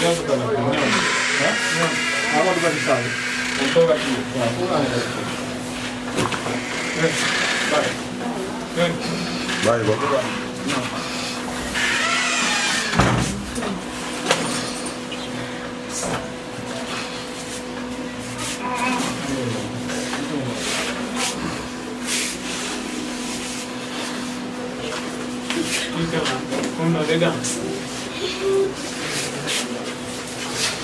ñooñu ko ñooñu. ah ñooñu. waaw Amadou Badji Sall. kon toogal ci yéen. waaw pour nga def. dégg nga bàyyi. bàyyi ko.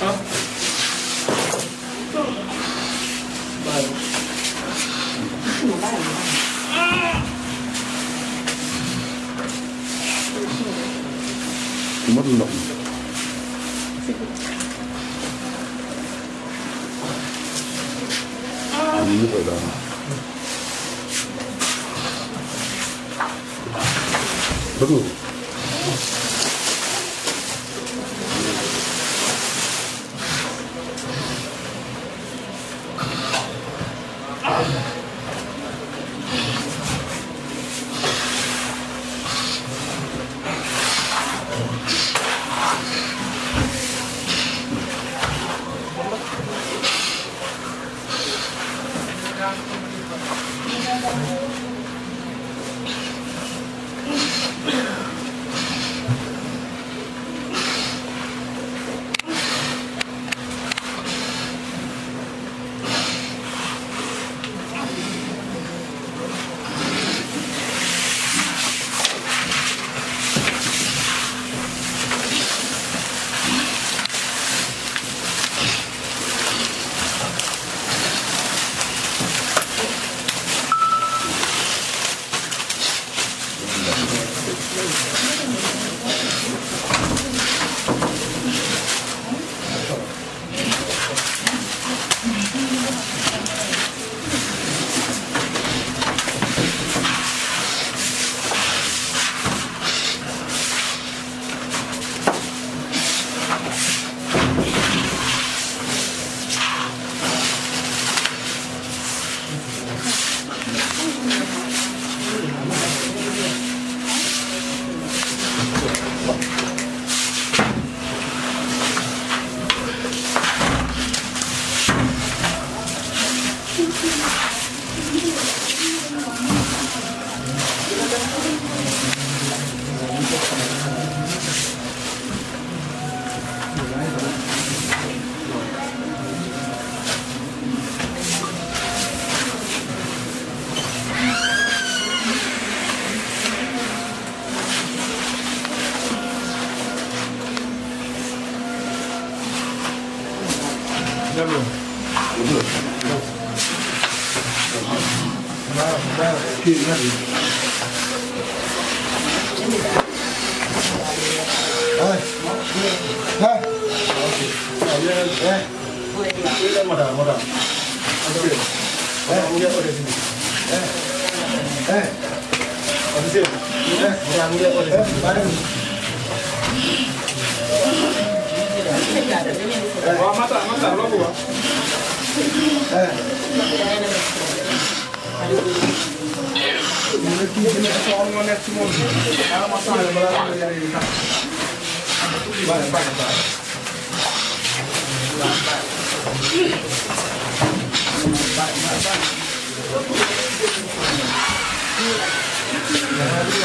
ah. Mata, mata, mu ne kii bi nekk soxal moo nekk ci moom xaaral ma changé balaa nga koy yore yu tax bàyyi bàyyi bàyyi.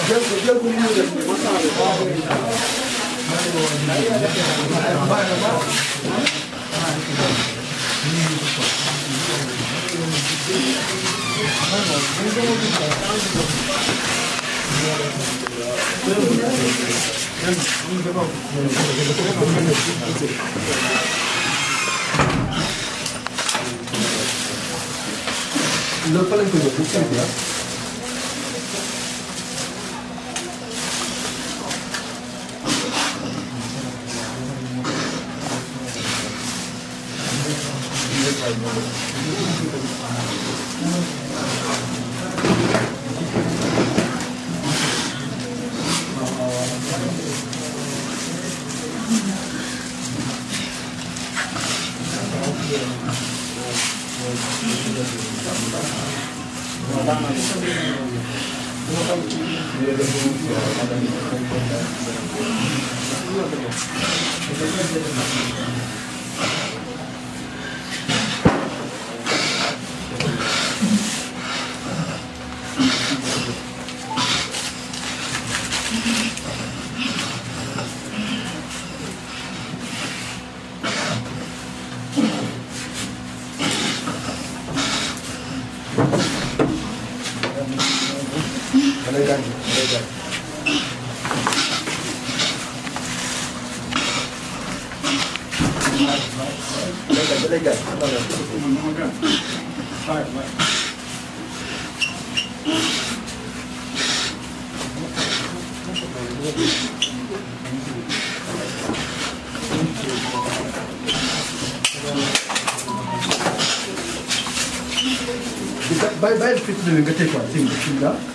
jël ko jël ko mu ngi def ma changé balaa nga koy yore yu tax. loolu fan lañ koy yóbbu seen place. Thank you. 지금 있습니다.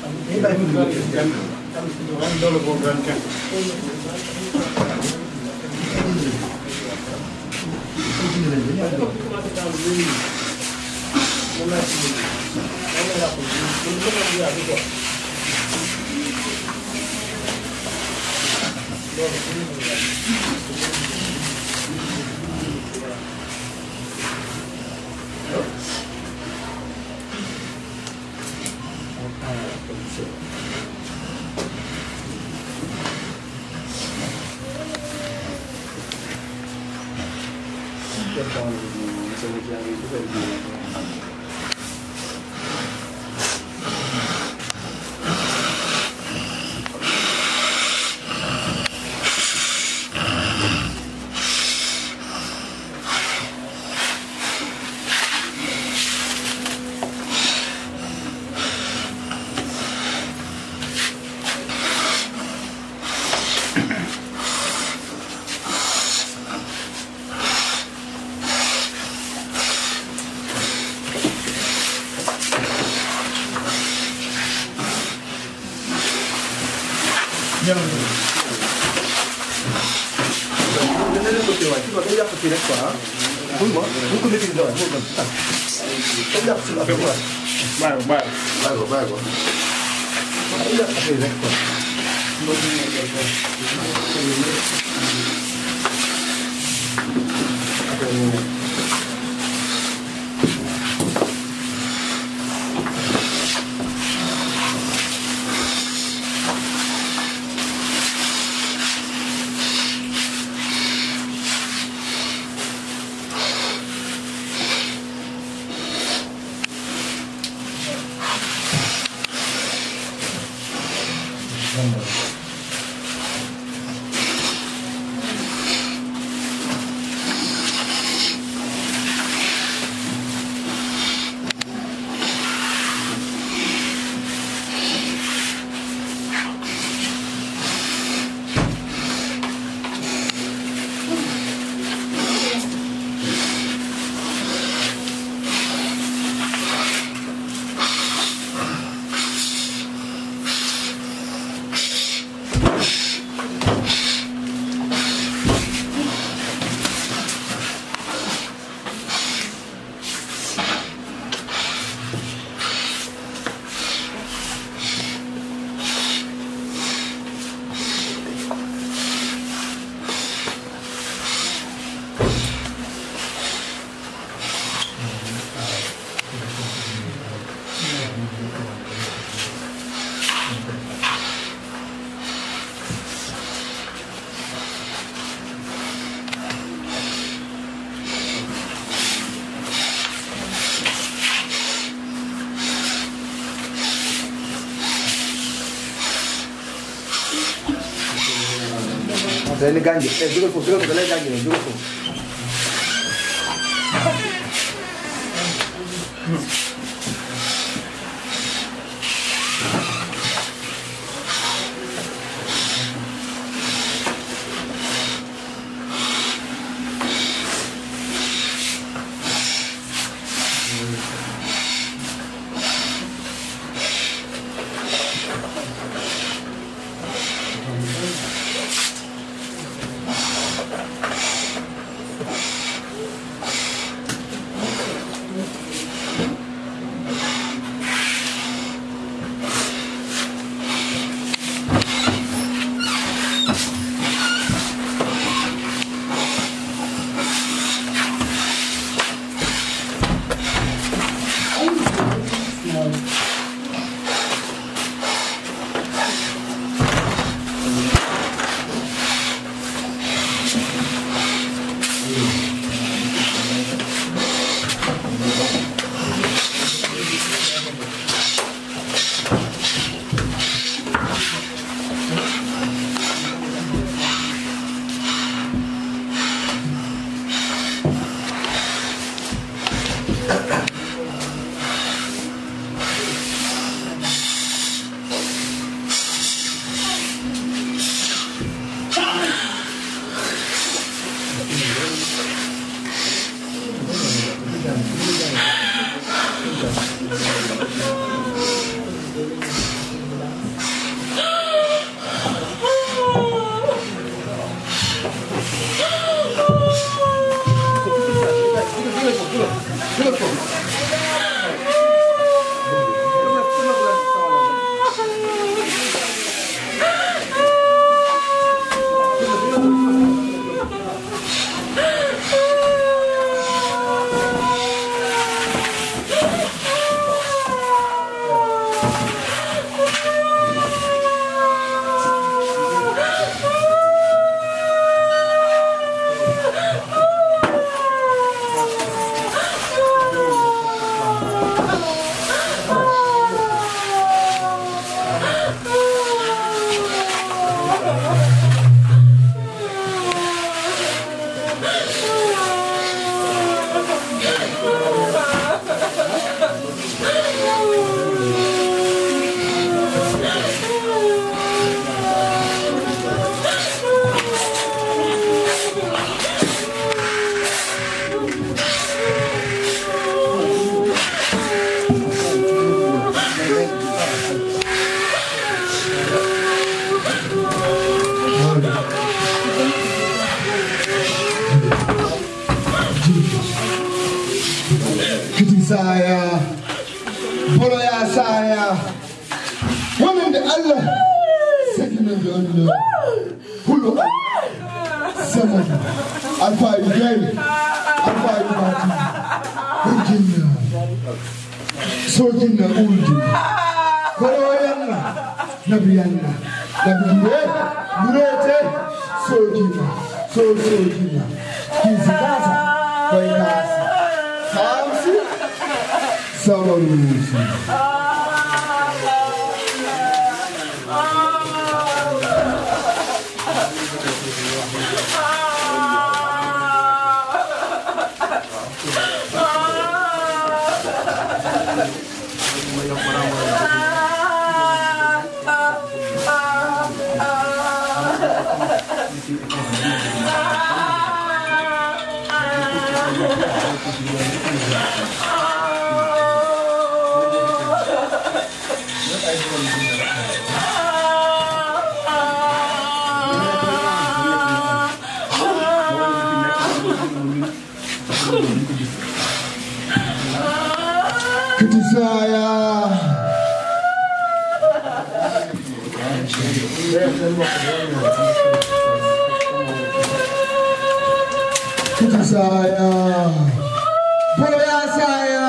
léegi gaañ bi eh dugal foofu dugal ko da lay gaañ Kutu saya, boya saya,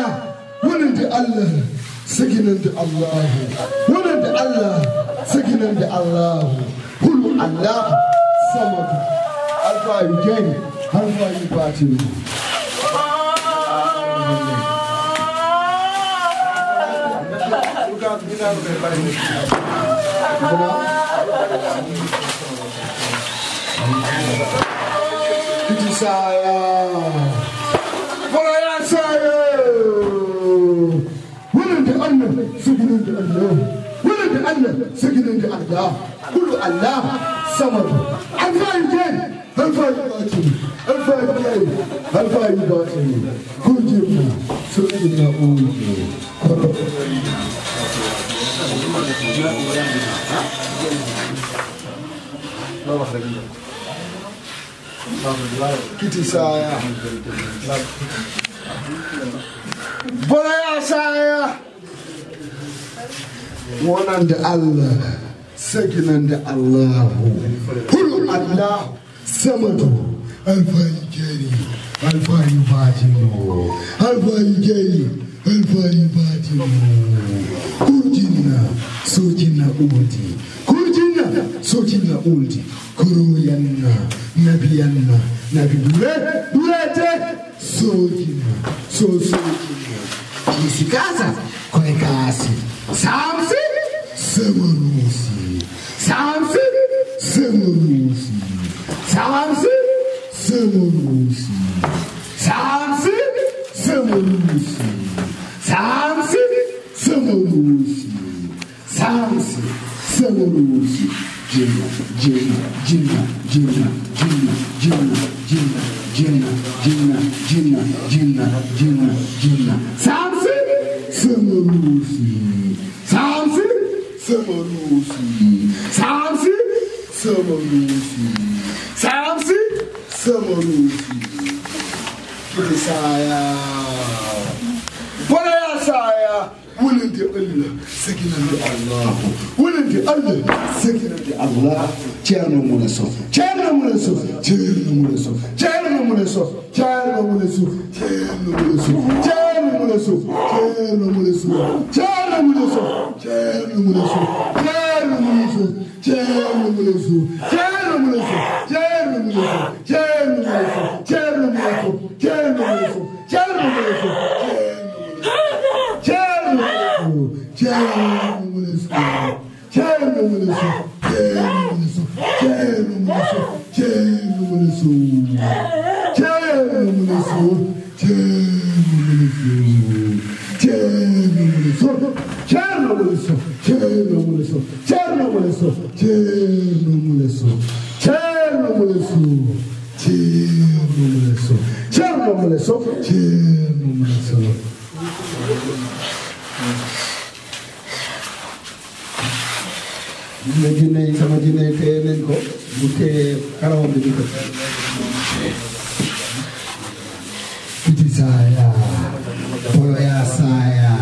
wunin da Allah, siginin da Allah, wunin da Allah, siginin da Allah, hulu Allah, samad, alfa yi gani, harfa yi batin. Thank you. saya Mulaya saya Wurin da Allah siginin da Allah Wurin da Allah siginin da Allah Kulu Allah samar Alfahimken Alfahimbacin Alfahimken Alfahimbacin Kujirna Sirina Uji Kwallo Kwallo kiti saya baya saya da Allah sakinan da Allah kullu Allah samadu alfayi jeri alfayi batino alfayi jeri alfayi batino kurjinna sojinna sotinga uldi kuruyanna nabiyanna nabi dure durete sojina so sojina kisi kasa koye kaasi samsi semorusi samsi semorusi samsi semorusi samsi semorusi samsi semorusi samsi semorusi jéem jéem jéem jéem jéem jéem jéem jéem jéem jéem jéem jéem saam si sama luus yi saam si sama luus yi saam si sama luus yi saam si sama luus yi kiri saaya boleya saaya wóolante Allah sëginante Allah wóolante Allah sëginante Allah Thierno Moule Sow Thierno Moule Sow Thierno Moule Sow Thierno Moule Sow Thierno Moule Sow Thierno Moule Sow Thierno Moule Sow Thierno Moule Sow Thierno Moule Sow Thierno Moule Sow Thierno Moule Sow Thierno Moule Sow Thierno Moule Sow Thierno Moule Sow Thierno Moule Sow Thierno Moule Sow Thierno Moule Sow ceeb mu mën a ne jinne yi sama jinne yi téye nañ ko mu téye karawam bi di ko piti saaya boloya saaya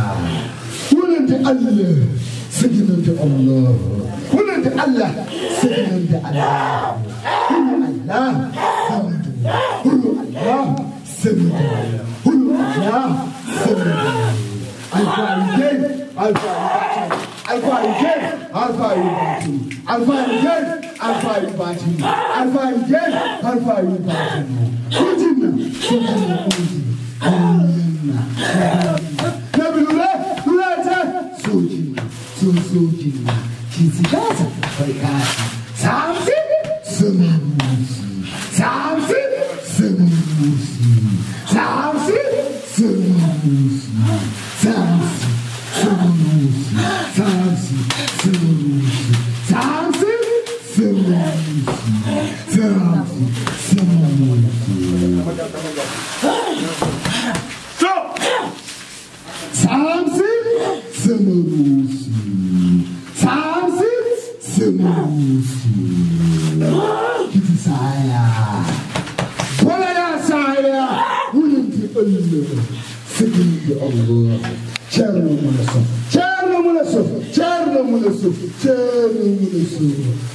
wonante allah saginante allah wonante allah saginante allah hulu allah hamdu hulu allah saginante hulu allah saginante alfa algey alfa algey alpha yu jën alpha yu baati alpha yu jën alpha yu baati alpha yu jën alpha yu baati kuntinna kuntinna kunti kuntinna nabi lule lule te sojinna so sojinna kinsi gaasa fay gaasa samsin sami musi samsin sami musi samsin sami musi samsin Ferrucci, Ferrucci, Ferrucci, Ferrucci, Ferrucci, Ferrucci. Ferrucci, Ferrucci. suñu réew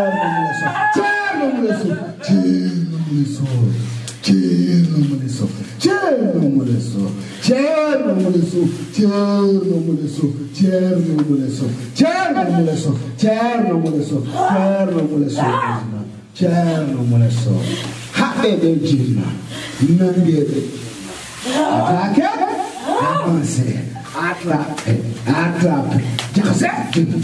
soojina ceerno mune sow haɓɓe ɓe jinna nangeɓe atake avancé attrape attrape jaxase jinna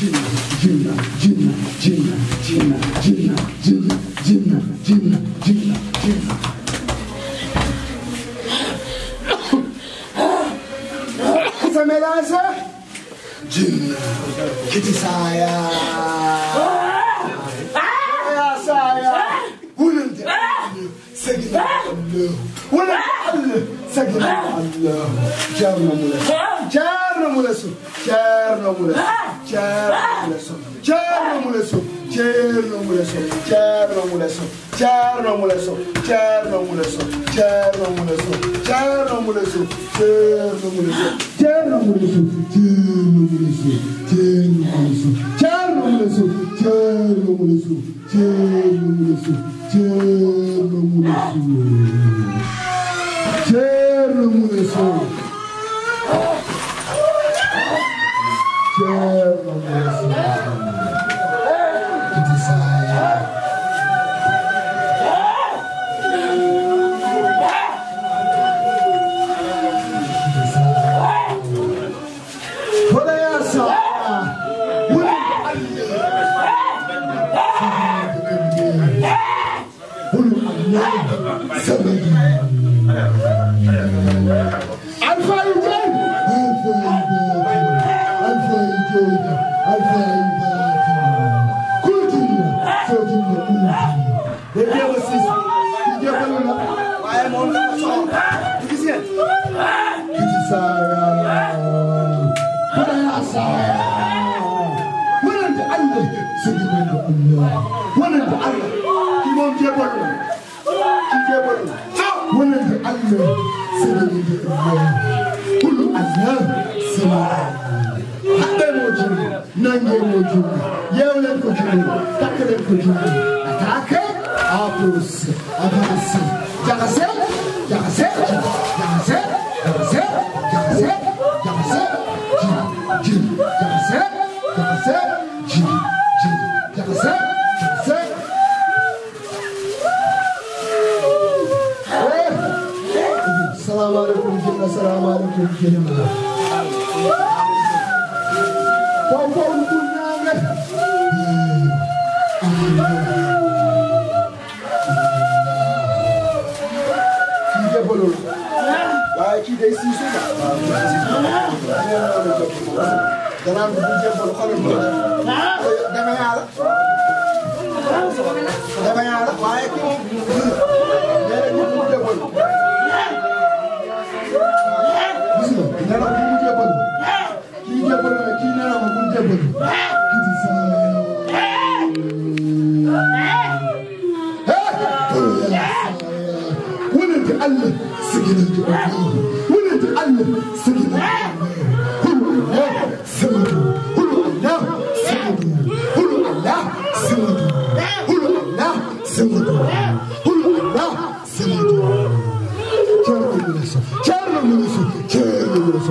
Gina, Gina, Gina, Gina, Gina, Gina.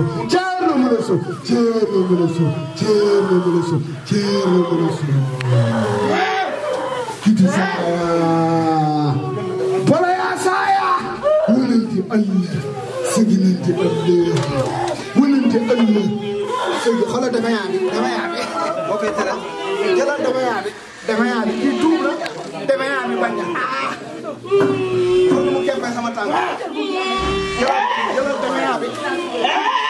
suuf Thierno mu ne suuf Thierno mu ne suuf Thierno mu ne suuf Thierno mu ne suuf. kiti saa bala yaa saa yaa. wulante Allah sëgginante Allah wulante Allah sëgg xoolal dama yaa ne dama yaa ne boo koy tere jëlal dama yaa ne dama yaa ne kii tuub la dama yaa ne bañ a ah. sama tànk. 有有没有？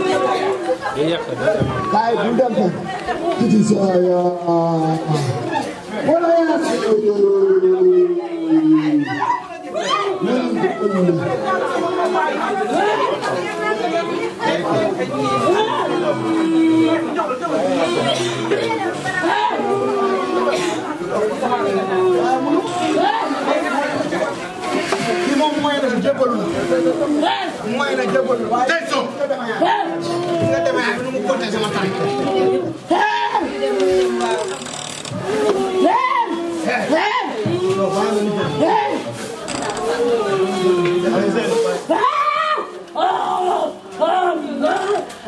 Like do them thing. It is uh, uh, what I ask Moyen na jébalu moyen na jébalu. Tey so. nga demee ak nu mu compter sama tànk.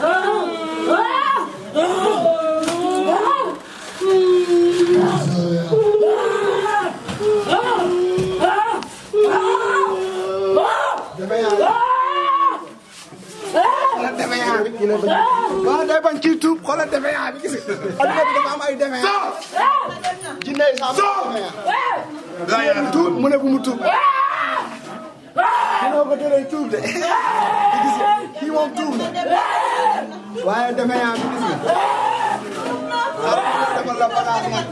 Oh! xoolal defeyaan bi kii la bañ waaw day bañ kii tuub xoolal defeyaan bi gis nga adduna bi dafa am ay defeyaan jinne yi sax defeyaan tuub mu ne bu mu tuub dinoo ko doon tuub de gis nga kii moom tuub na waaye defeyaan bi gis nga defal la balaa moom.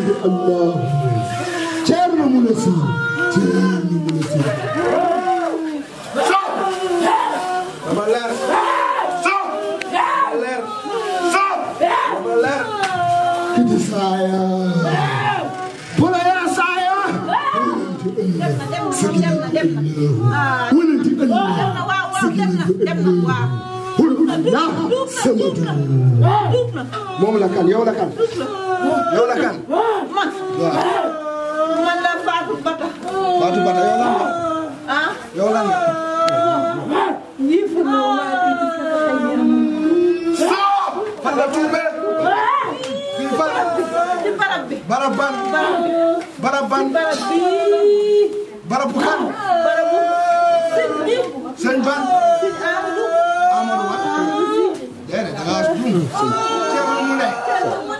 bi allah Ceerno Moule Sow Ceerno Moule Sow dama leer Sow dama leer Sow dama leer kiti saya pula ya saya dem na dem na dem na ah. dem na waaw waaw dem na dem na waaw Seydina Semadou. moom la kan yow la kan. yow la kan. man. waaw. man la Fatou Bata. Fatou Bata yow lan la. ah yow lan la. lii fi mu fan la tuubee. fii fan la. ci barab bi. barab ban. barab ban. barab bi. barab bu kan. barab bu sëñ bi. sëñ ban. sëñ Thierno Moulé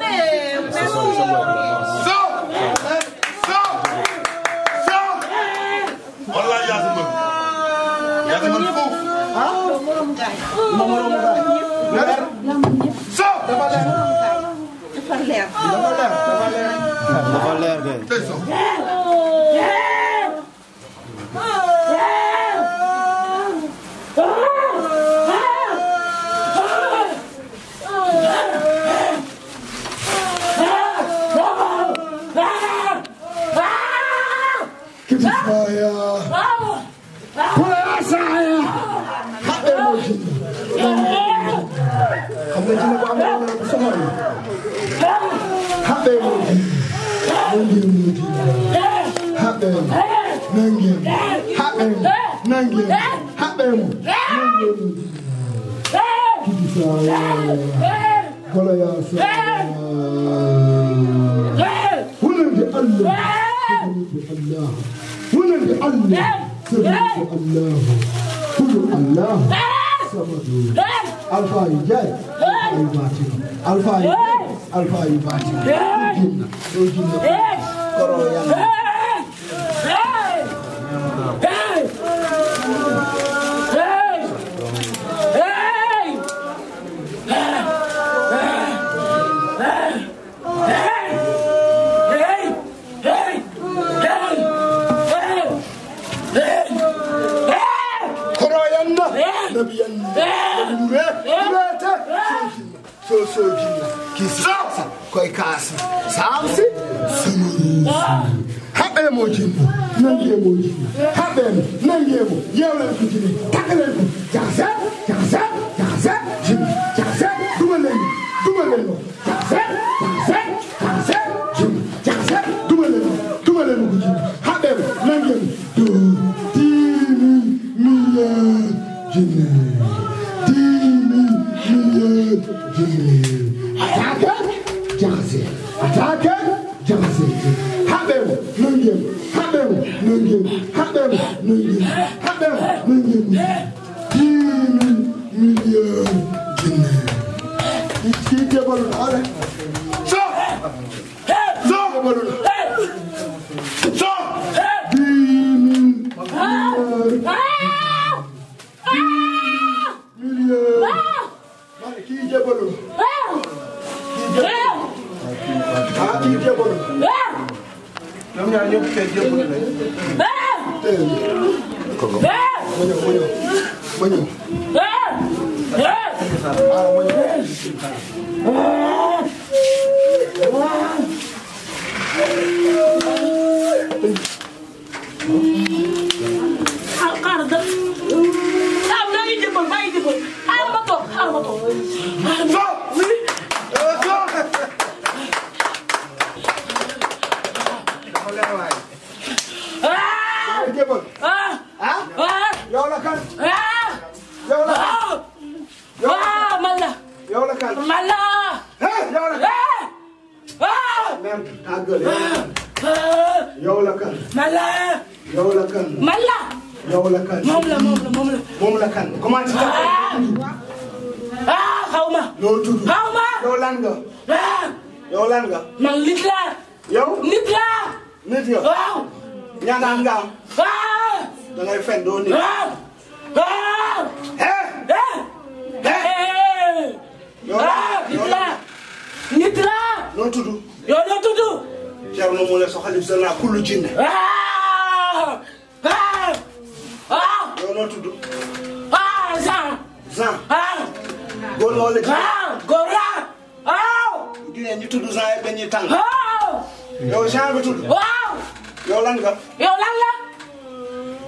yow la kan man la. yow la kan. même tàggale. yow la kan. man la. yow la kan. man la. yow la kan. moom la moom la moom la. moom la kan comment tu t'appelles. ah xaw ma. loo tudd. xaw ma. yow lan nga. yow lan nga. man nit la. yow. nit la. nit nga. waaw. ñaata nga am. da ngay fen doo nit. waaw. waaw. ah nit laa nit laa. noo tudd. yow noo tudd. Thierno Moule Sow xalif général kullu jinne. ah ah ah. yow noo tudd. ah Jean. Jean. ah. góor nga wala jigéen. ah góor laa. Ah. waaw. jigéen ñi tudd Jean yëpp dañuy tàng. waaw. Ah. yow Jean nga tudd. waaw. yow lan nga. yow lan la.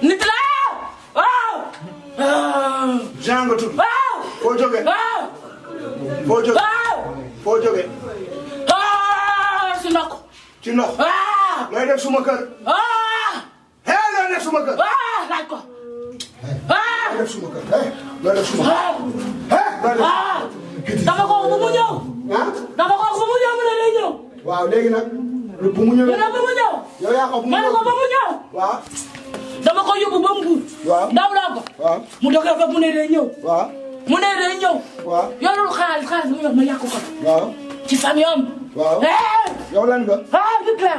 nit laa. Ah. waaw. Jean nga tudd. waaw. koo jógee. waaw. foo jógee waaw. foo jógee. si ah, ndox. ci ndox. waaw. Ah. looy def suma kër. waaw. Ah. hee looy def suma kër. waaw laaj ko. waaw looy def suma kër. looy def suma kër. waaw. waaw. dama ko bu mu ñëw. ah. dama ko bu mu ñëw mu ne lay ñëw. waaw léegi nag. bu mu ñëw. dina bu mu ñëw. yow yaa ko bu mu ñëw. ma ne ko bu mu ñëw. waaw. dama ko yóbbu ba mu gudd. waaw ndaw laa ko. waaw mu dogal fa mu ne day ñëw. waaw. mu ne day ñëw. waaw yorul xaalis xaalis bu ñu wax ma yàqu ko. waaw ci famille am. waaw eh! yow lan nga. ah nit la.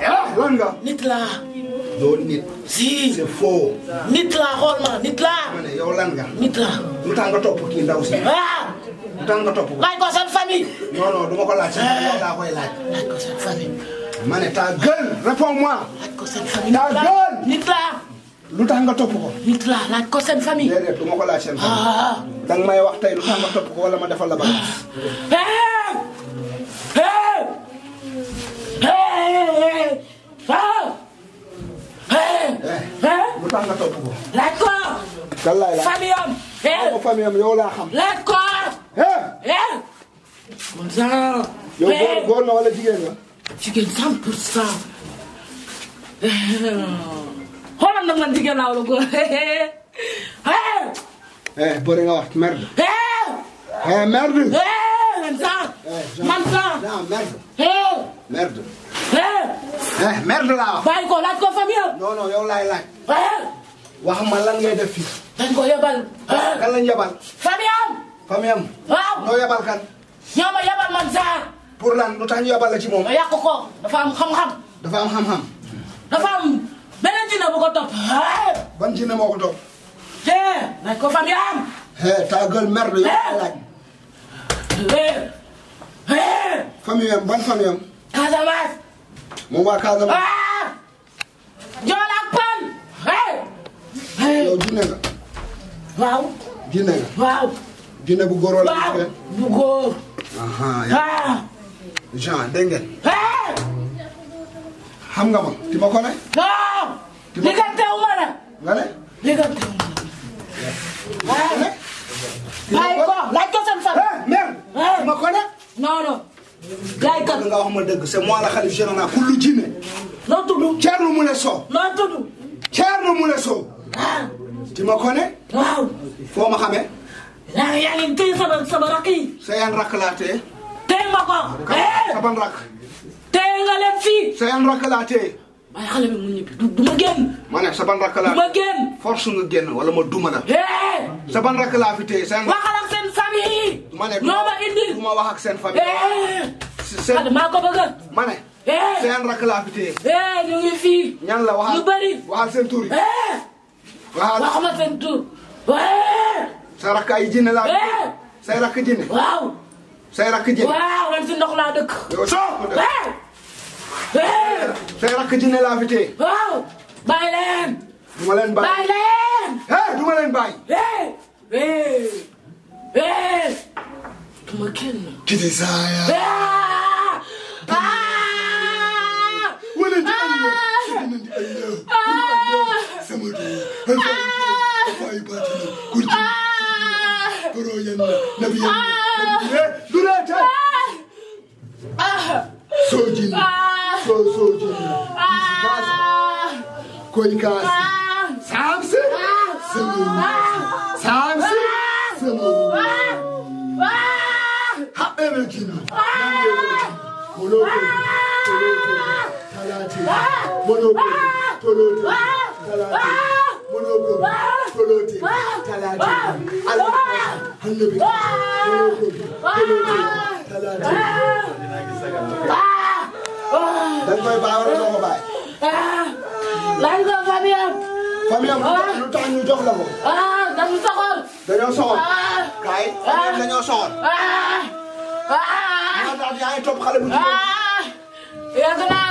Eh! lan nga. nit la. si c'est faux. nit la xool ma nit la. ma ne yow lan nga. nit la. lu tax nga topp kii ndaw si. ah. lu tax nga topp ko. laaj ko seen famille. non non du ma ko laaj. Eh! yow laa koy laaj. laaj ko seen famille. ma ne ta gueule réponds-moi. laaj ko seen famille. ta gueule nit la. lu tax nga topp ko. nit laa laaj ko seen famille. déedéet du ma ko laaj seen famille. Ah, ah. danga may wax tey lu tax nga topp ko wala ma defal la ba. Eh, lu tax nga topp ko. laaj ko. wallaay la famille am. xaw ma famille am yow laa xam. laaj ko. Eh! man saa. yow góor góor na wala jigéen la. jigéen 100 pour 100. xoolal nag man jigéen laa wala góor eh bëri nga wax merde. Eh, eh, merde. Eh, man merde. merde. eh merde laa wax. bàyyi ko laaj ko famille. non yow laay laaj. wax ma lan ngay def fii. dañ ko yebal. kan lañ yebal. famille am. noo yebal kan. ñoo ma yebal man sax. pour lan lu tax ñu ci moom. ma yàq ko dafa am xam-xam. dafa xam-xam. dafa beneen jinne bu ko ban jinne moo ko topp. nañ ko fam yaam. Ah! jinne nga. waaw. jinne jinne bu goro wala bu góor. bu góor. Ah! Jean dégg ngeen. xam nga ma ti ma ko ne. non. liggéeyu ma la. nga ne. liggéeyu ma la. waaw ne. laaj ko laaj ko seen fan. Eh, mer. ti eh. ma ko ne. non non. laaj ko nga wax ma dëgg c'est moi la xalif général ku lu jinne. noo tudd. Thierno Moule Sow. noo tudd. Thierno Moule Sow. ah. ti ma ko ne. waaw. foo ma xamee. yaa ngi téye sama sama rakk yi. sa yan rakk laa téye. téye ma ko. Eh. sa ban rakk. bàyyi nga leen fii. sa yan rakk laa téye. bàyyi xale bi mu ñibbi du ma génn. ma ne sa ban rakk laa. du ma génn. force nga génn wala ma duma la. sa ban rakk laa fi téye sa. waxal ak seen famille. ma ne ñoo ma indi. du ma wax ak seen famille. seen maa ko bëgg a. ma ne. seen rakk laa fi téye. ñu ngi fii. ñan la waxal ñu bëri. waxal seen tur yi. waxal waxuma seen tur. sa rakk ay jinne laa fi téye. say rakk jinne. waaw. say rakk jinne. waaw man si ndox laa dëkk. yow soo ko dëkk. say rakk jinne laa fi téye. waaw bàyyi leen. du ma leen bàyyi bàyyi leen. hey du ma leen bàyyi. hey hey hey. duma kenn. ki di saaya. wala di ànd ak sama doom. fay baatina kurti. boro yan na nabi yan na. dure dure tey. soojini ah. so soojini baasa ah. koy kaasi ah. saamsi semoni saamsi semoni haɓɓere jina nangeeoji monokoji tolotoji talateji monokoji tolotoji talateji monogami koloti talati annabi monogami koloti talati dañ koy bàyyi wala doo ko bàyyi. lan nga famiyam. Ah! famiyam lu tax ñu jox la ko. dañu ah! soxor. dañoo soxor. Ah! kaay famiyam dañoo soxor. maa tax yaa ngi topp xale bu jigéen. yàgg naa.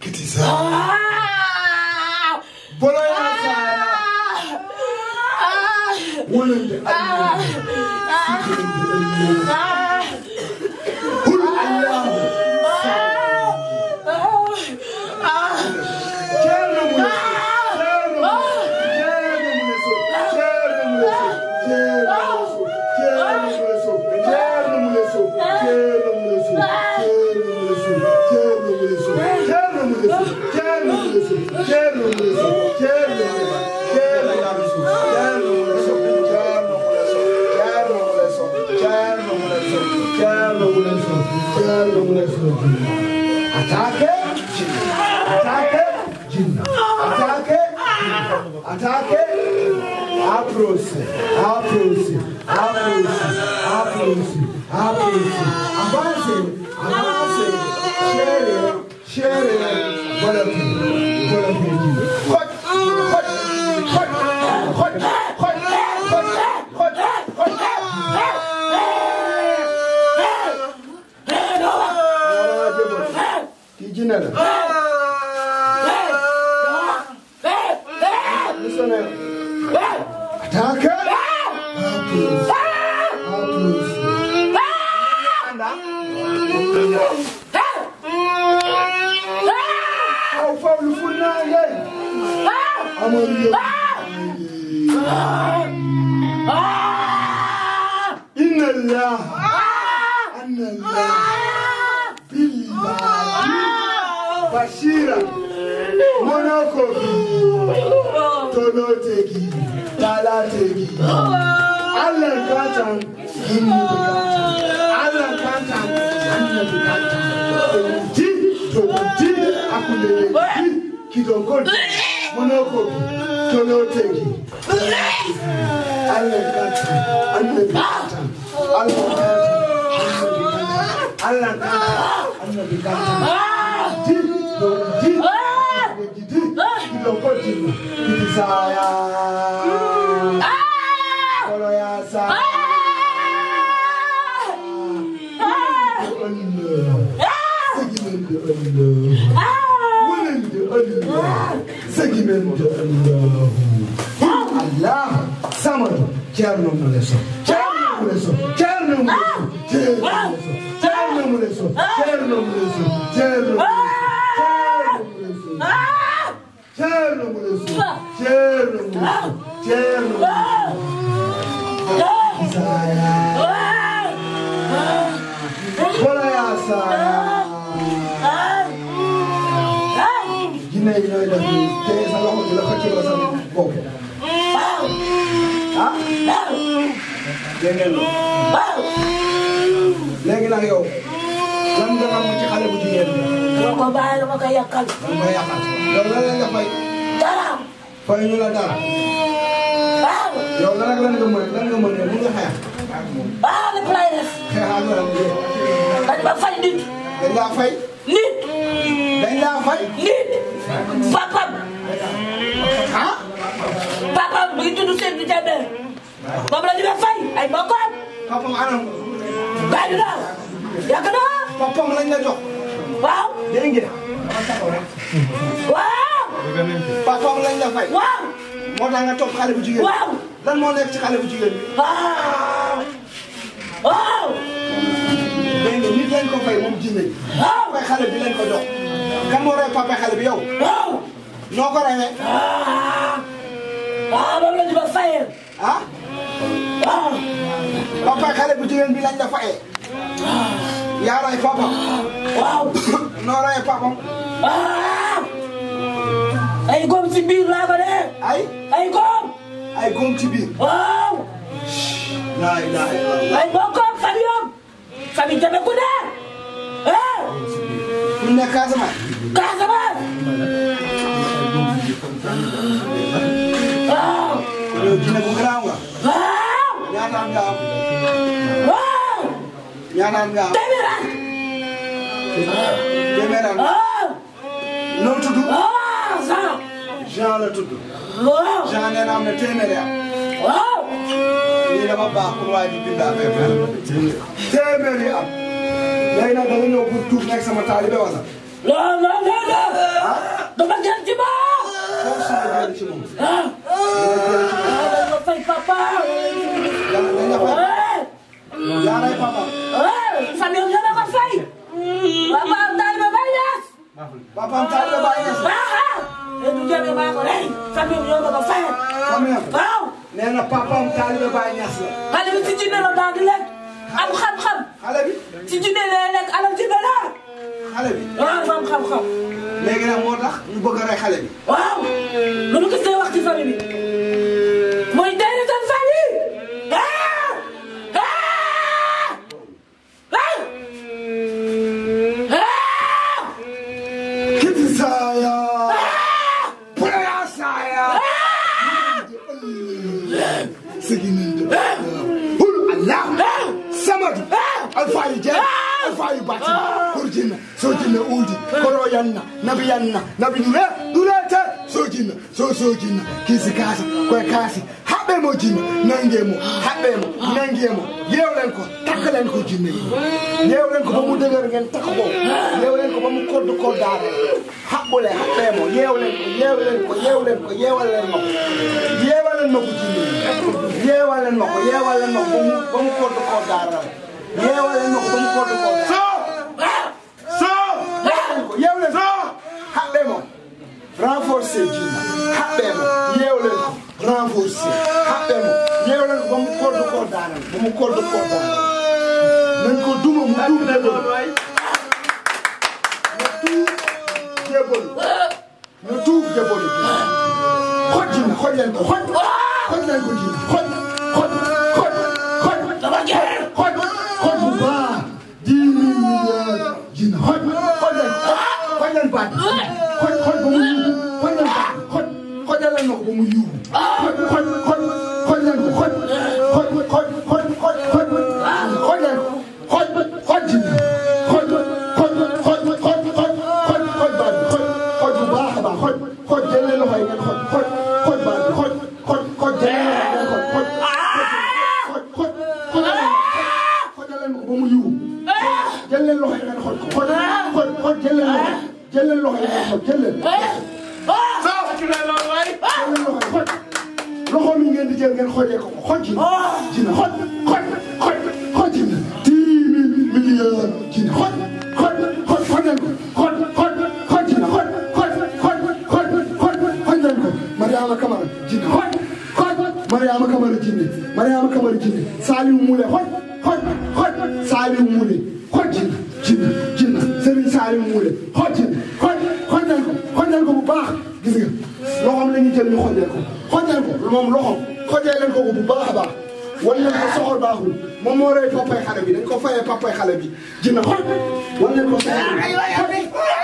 Kitisa. Bolo jinna attaqué attaqué jinna attaqué attaqué approché approché approché approché approché avancé avancé chéri chéri voilà voilà missionaire. missionaire. attaque. applaudisse. applaudisse. Ao Fábio Fernandes! Amanhã! faye yara e papam waaw noora e papam ay gom ci biir laa ko de ay ay ci biir waaw la ilaha illallah ay bokkam famiyom fami jabe ku de ñu eh. ne Casamance Casamance waaw dina ko garaaw nga waaw ñaata am nga ñaanal nga am. téeméer am. noo tudd. Ah, Jean. Jean la tudd. Jean nee na am na téeméer am. lii dama baax pour waa ji bind affaire bi. téeméer yi am. léegi nag da nga ñëw pour tuub nekk sama taalibe wala. non non non non. Ah? dama gën ci moom. foofu su ma gën ci moom. Ah. dama gën ci moom. dama fay papa. dama fay. jaaree Fapal. waaw Fapal nga ne ko fay. Fapal taal ba bay ñaas. Fapal taal ba bay ñaas. waaw. léegi bu jëlee maa ko rey. Fapal ñoo ma ko fayal. waaw. nee na papaam taal ba bay ñaas la. xale bi ci jinne la daal di lekk. am xam-xam. xale bi. ci jinne la lekk alal jinne la. xale bi. waaw moom xam-xam. léegi nag moo tax ñu bëgg a rey xale bi. waaw. lu mu gis day wax ci famille bi. siginin da hulu allah samadu alfayu jai alfayu bati kurjinna sojinna udi koroyanna nabiyanna nabinure durete sojinna so sojinna kisi kasa kwe kasi haɓɓe mo jinne nangue mo haɓɓe mo nangue mo yewlen ko takkalen ko jinne yewlen ko bamu dëgër nguen takka ko yewlen ko bamu koddu koddare haɓɓule haɓɓe mo yewlen ko yewlen ko yewlen ko yewalen makko yewalen makko jinne yewalen makko yewalen makko bamu koddu koddare yewalen makko bamu koddu koddare so so yewlen so haɓɓe mo renforcer diina xàppee ma yeew leen ko renforcer xàppee ma yeew leen ko ba mu kodd koo daanal ba mu kodd koo daanal nañ ko duma mu tuub jébalu na tuub jébalu na tuub jébalu diina xoj diina xoj leen ko xoj xoj leen ko diina xoj xoj xoj xoj xoj xoj bu baax dix mille milliards diina xoj xoj leen xoj leen baat xoj xoj ba mu leen na ko ba mu yuubu. xool xool xool xool leen ko xool xool xool xool xool xool xool leen ko xool xool ci biir xool xool xool xool xool xool xool xool baat bi xool xool bu baax a baax xool xool jëlee loxo yi ngeen xool xool xool baat bi xool xool xool jëlee ngeen xool xool xool xool leen ko ba mu yuubu jëlee loxo yi ngeen xool xool xool jëlee loxo jëlee loxo yi ngeen xool jëlee. loxo mi ngeen di jël ngeen xojee ko ko xoj. dina oh. xoj xoj xoj xoj dina dix mille millions dina xoj xoj xoj xoj nañ ko xoj xoj xoj dina xoj xoj xoj xoj xoj xoj nañ ko Mariama Kamara dina xoj xoj Mariama Kamara dina Mariama Kamara dina Saliou Moulé xoj xoj xoj Saliou Moulé leen ko moom loxo xojee ko bu baax a baax wan leen ko soxor baaxul moom moo rey papay xale bi dañ ko fayee papay xale bi. dina xoj wan leen ko soxor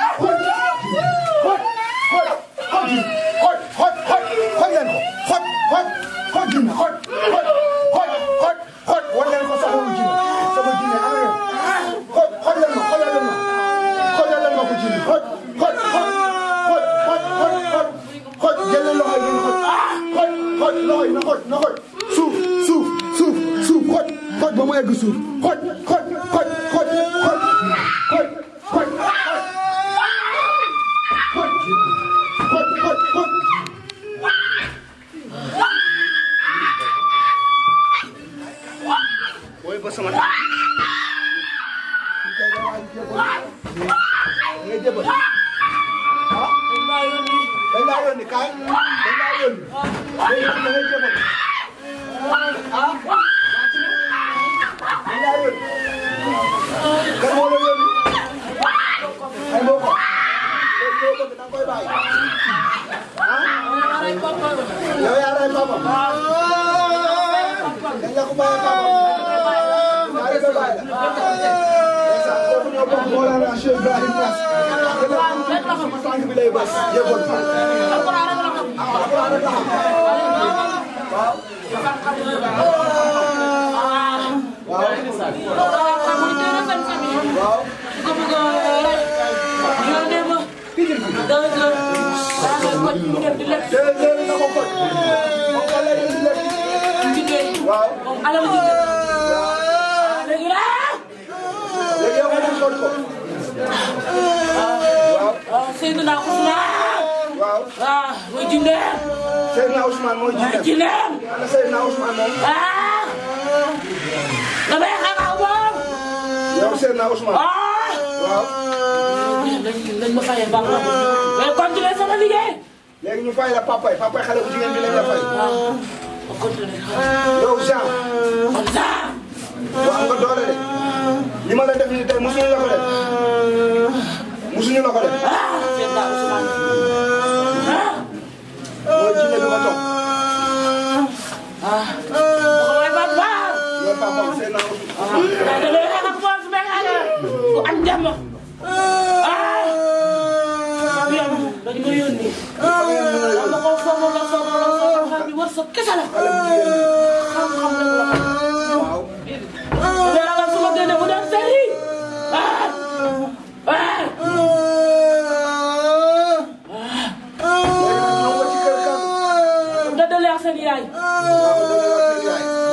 wax seen yaay.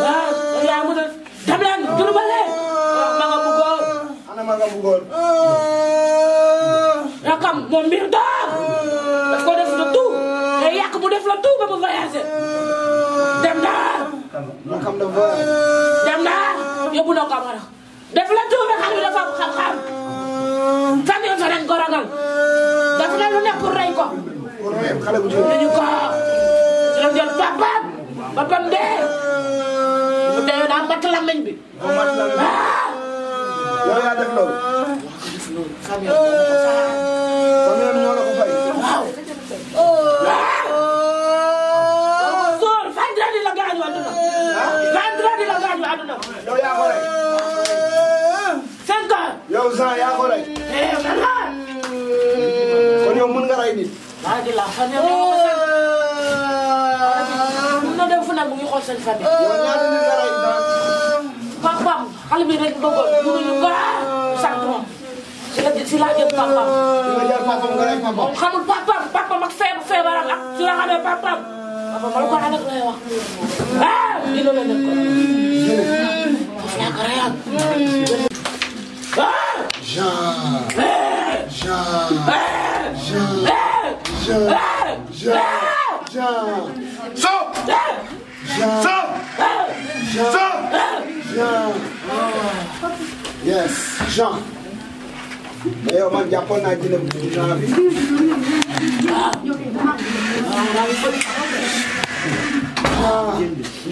waaw yaay mu ne dem leen jur ah, ma lee. maga bu góor. ana maga bu góor. rakam ah. moom mbir door. daf ko def la tout. te yàq mu def la tout ba mu voyagé. dem naa. rakam dafa voyagé. dem naa yóbbu na ko amara. def la tout ba xam ne dafa am xam-xam. fan yoon sa dañ ko ragal. daf na lu nekk pour rey ko. pour rey xale bu jigéen ñu ko. la jël papaam papaam dee mu dee daa mat làmmiñ bi ah! yow yaa def loolu famille ñoo la ko fay waaw waaw soor vendredi la gaañu àdduna vendredi la gaañu àdduna yow yaa ko rey cinq ans yow cent yaa ko rey eh, kon yow mën nga rey nit waa di la famille fu ne mu ngi xool seen famille. Euh, papaam xale bi rek bëggoon mënuñu ko sant moom. si la si laa jël papaam. moom xamul papaam papaam ak feebu feebaram ak si la xamee papaam. papa ma la ko ànd ak lay wax. ah dina la def ko. foofu laa ko reyaat. Ah! Jean. Eh! Jean. Eh! Jean. Eh! Jean. Jean. Jean. Jean. Jean. Jean. Yes, Jean. Eyo man jàppoon naa ji ne bu naa bi.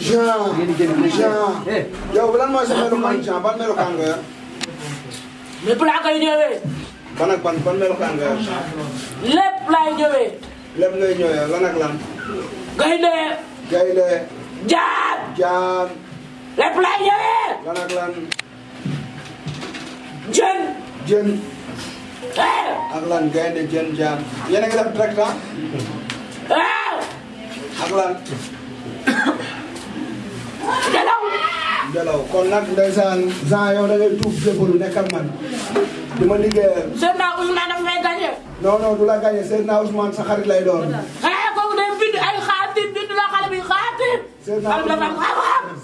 Jean. Jean. yow lan mooy sa melokaan Jean ban melokaan nga yor. lépp laa koy ñëwee. ban ak ban ban melokaan nga yor. lépp laay ñëwee. lépp ngay ñëwee lan ak lan. gaynde. gaynde. jaam. jaam. lépp lay ñëwee. lan ak ak lan gaynde jën jaam. yéen a ngi ah? ak lan. Jalaw. Jalaw kon nag ndeysaan Jean yow da ngay tuub jébalu nekkal man di ma liggéeyal. Seydina Ousmane dafa may la gagné sa xarit lay doon. xëy na kooku day bind ay xaatim bind la xale bi xaatim. Seydina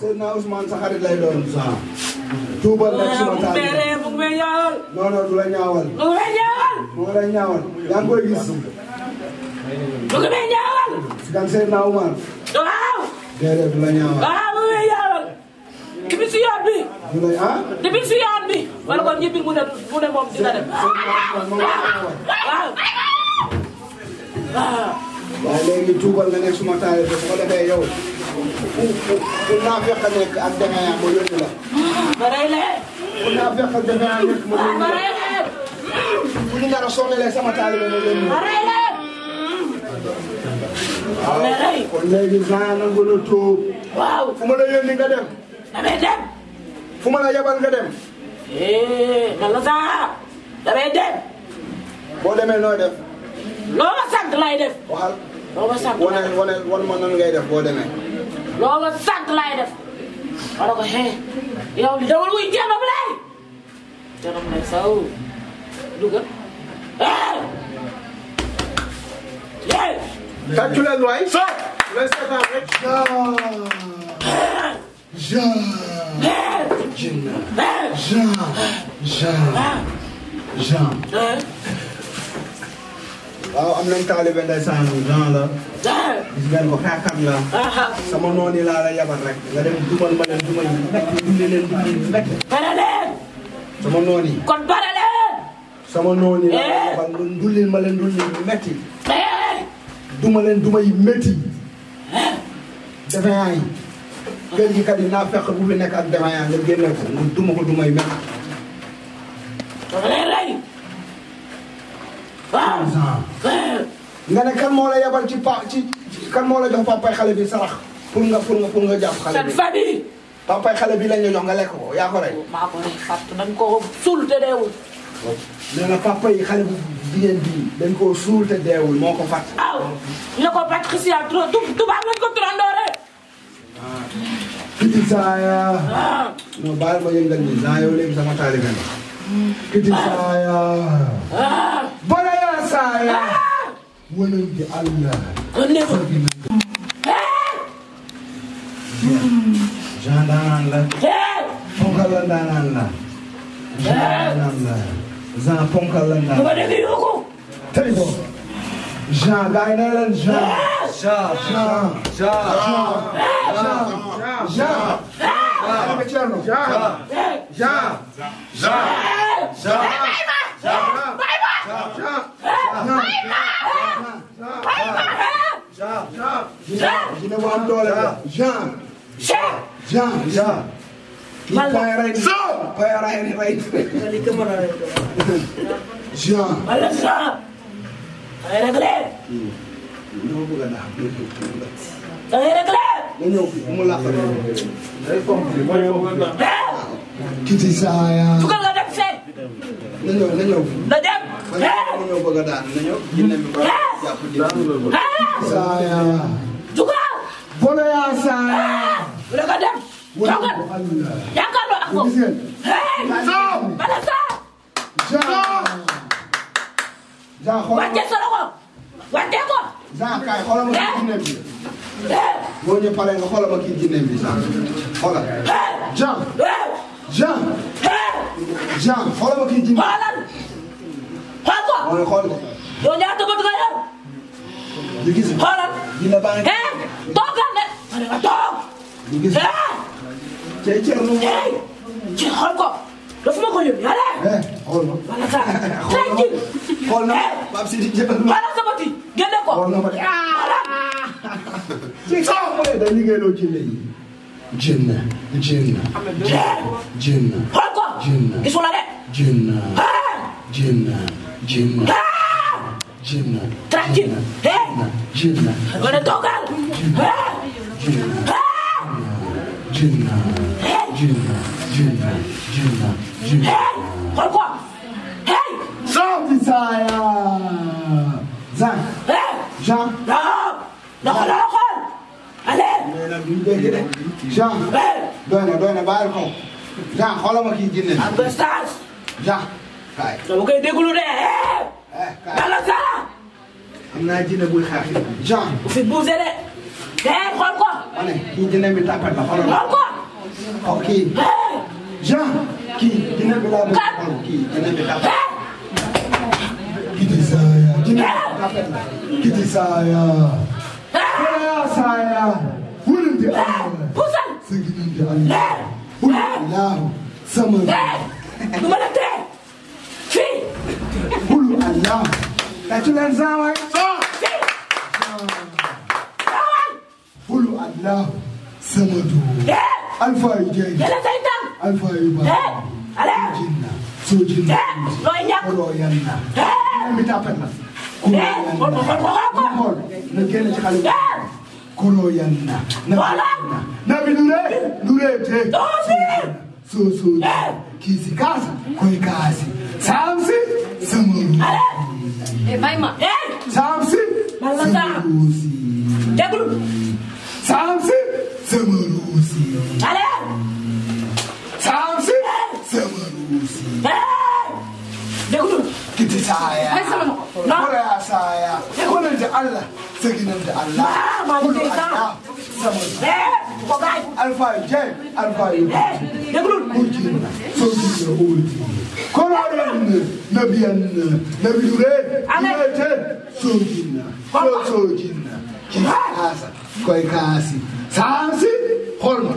Seydina Ousmane sa xarit lay doon. waaw. tuubal rek suma taal bu mu ñaawal. non non du la ñaawal. bu mu ñaawal. moo lay ñaawal. yaa ngi koy gis. bu mu ñaawal. kan Seydina Oumar. waaw. déedéet du la ñaawal. waaw bu mu ñaawal. ki bi si yoon bi. du la ah. ki bi si yoon bi. wala kon ñibbi mu ne mu ne moom dina dem. waaw. waaw. waaye léegi tuubal nga nekk suma taalibe su ko defee yow ku naa fekk nekk ak defe yaa ma yónni la. ku naa fekk ak defe yaa nekk ma yónni la. bu ñu nar a sonnalee sama taalibe ma yónni la. waaw kon léegi saa nangu la tuub. waaw fu ma la yónni nga dem. damay dem. fu ma la yabal nga dem. eh dama saa damay dem. boo demee nooy def. loo laay def. waxal loola sànq laay def wane wane ma nan ngay def boo demee. loola sànq laay def. ma ne ko xëy yow li demal muy Thierno Moulé Thierno Moulé Sow dugal. tàccu leen waay. soo leen seetaan rek. Jean Jean Jean Jean Jean waaw am nañ taalibe ndeysaan Jean la. gis ko xaaxam la. sama noonu laa la yabal dem dugal ma leen dugal ñu nekk dundee leen dundee rek. bare leen. sama yi. kon bare leen. sama noonu laa la eh. yabal nga dullil ma leen duma leen duma yi métti. defe naa yi. kër gi yi naa fekk bu fi nekk ak defe naa nga génne ko duma yi métti. waaw ah. nga ne kan moo la yebal ci pa ci kan moo la jox papay xale bi sarax pour nga pour nga pour nga jàpp xale bi. seen famille. papay bi lañ la jox nga lekk ko yaa ko rey. Oh, maa ko dañ koo suul te deewul. nee na papa yi xale dañ koo suul te moo ko fàtt. waaw ne ko Patricia trop tu tubaab lañ ko turandooree. waaw. Ah. Piti Saaya. waaw. Ah. non baal ma yëngal nii Saaya yow léegi sama taalibe la. Kedisaya. Bana ya saya. Ah! Wannan da Allah. Wannan Jandanan la. Ponkal la danan la. Jandanan la. Zan ponkal la danan. Ba da biyo ko. Tani ko. Jean gars yi nee leen Jean. Jean Jean Jean Jean Jean Jean. Jean Jean Jean Jean Jean Jean Jean da ngay réglé. dama bëgg a naax da ngay réglé. nga ñëw fii bu ma laaxoon. day compliqué mooy kiti saa yaa. tukkal nga dem fee. na ñëw na ñëw. na dem. na ñëw bëgg a daan na ñëw. dina mi ba jàpp dina. saa yaa. tukkal. bolo yaa saa yaa. bu dee ko dem. toogal yaakaar naa ak moom. bala saa. Jean xoolal wàcce sa loxo wàcce ko. Jean kaay xoolal ma kii jinne bi. boo ñu paree nga xoolal ma kii jinne bi Jean xoolal. Jean. Jean. Jean xoolal ma kii jinne bi. xoolal xool ko. moo ne xool ko. yow ñaata bët nga yor. ñu gis. xoolal. dina baa ngi. toogal de. ma ne ma toog. ñu gis. tey Thierno. ci xool ko. dafa ma ko yónni allez. Eh, xool ma wala saa xool ma xool na ma eh. Pape Sidi jël ma wala sabati génne ko. xool na ma de ah. soo ko day liggéeyaloo jënd yi. jënd jënd. jënd xool ko. jënd gisul la de. jënd jënd jënd. jënd. tranquille. jënd jënd. nga ne toogal. jënd ah. jënd. Gina, Gina, Gina, Gina. Hey! Revois! Hey! Sors, Isaiah! Zach! Hey! Jean! Non! Non, non, non! Allez! Jean! Hey! Doy na doy na bàyyi ko. Jean xoolal ma kii jinne. am na sens. Jean. kaay. dama koy déglu de. kaay dala sara. am naa jinne buy xaar. Jean. bu fi bousee de. hey xool ko. ma ne kii jinne bi tàppat la xoolal ko. Oh kii Jean kii dina bi laa bëgg a kii dina bi laa kiti saya dina kiti saya saya saya hulun di Allah pusal segini di Allah hulun sama lu ma la tere fii hulun Allah tàccu leen saa waay hulun Allah sama du alpha yi jeex. yàlla saytan. alpha yi ba. ala. jinna sojinna. looy ñàkk kolo yan na. mi tapet na. kolo yan na. xool kiisi kaasa. koy kaasi. saamsi. samaru. ala. e may ma. saamsi. bala saa. samaru sama ruus yi. Samsi. sama ruus yi. déglu. kiti saaya. ay sama nako. wala saaya. wala Allah. seginam da Allah. maa ngi dégg sa. sama ruus. ko gaay. alfa yi jël alfa yi. déglu. uji na sosi na uji. kolorin nabiyan nabiyure. ale. yete sojin na. kolo sojin na. kii kaasa. koy kaasi. saa si xool ma.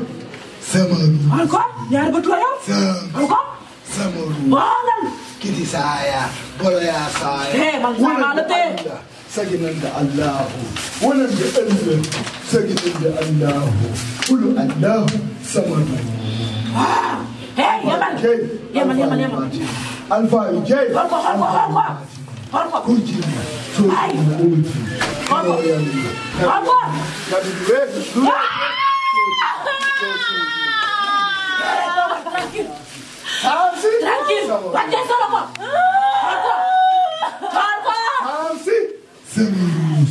sama ruus. encore ñaari bët la yow. sama encore. sama ruus. xoolal. kiti saaya. boloya saaya. man la tee. saginande allahu. wonande ëllëg. allahu. ulu allahu. sama ruus. yemal yemal yemal. alfa yi jéy. xool ko xool ko xool Orba. Ai. Orba. Orba. Tranquilo. Tranquilo. Vai ter solo, pô. Orba. Orba.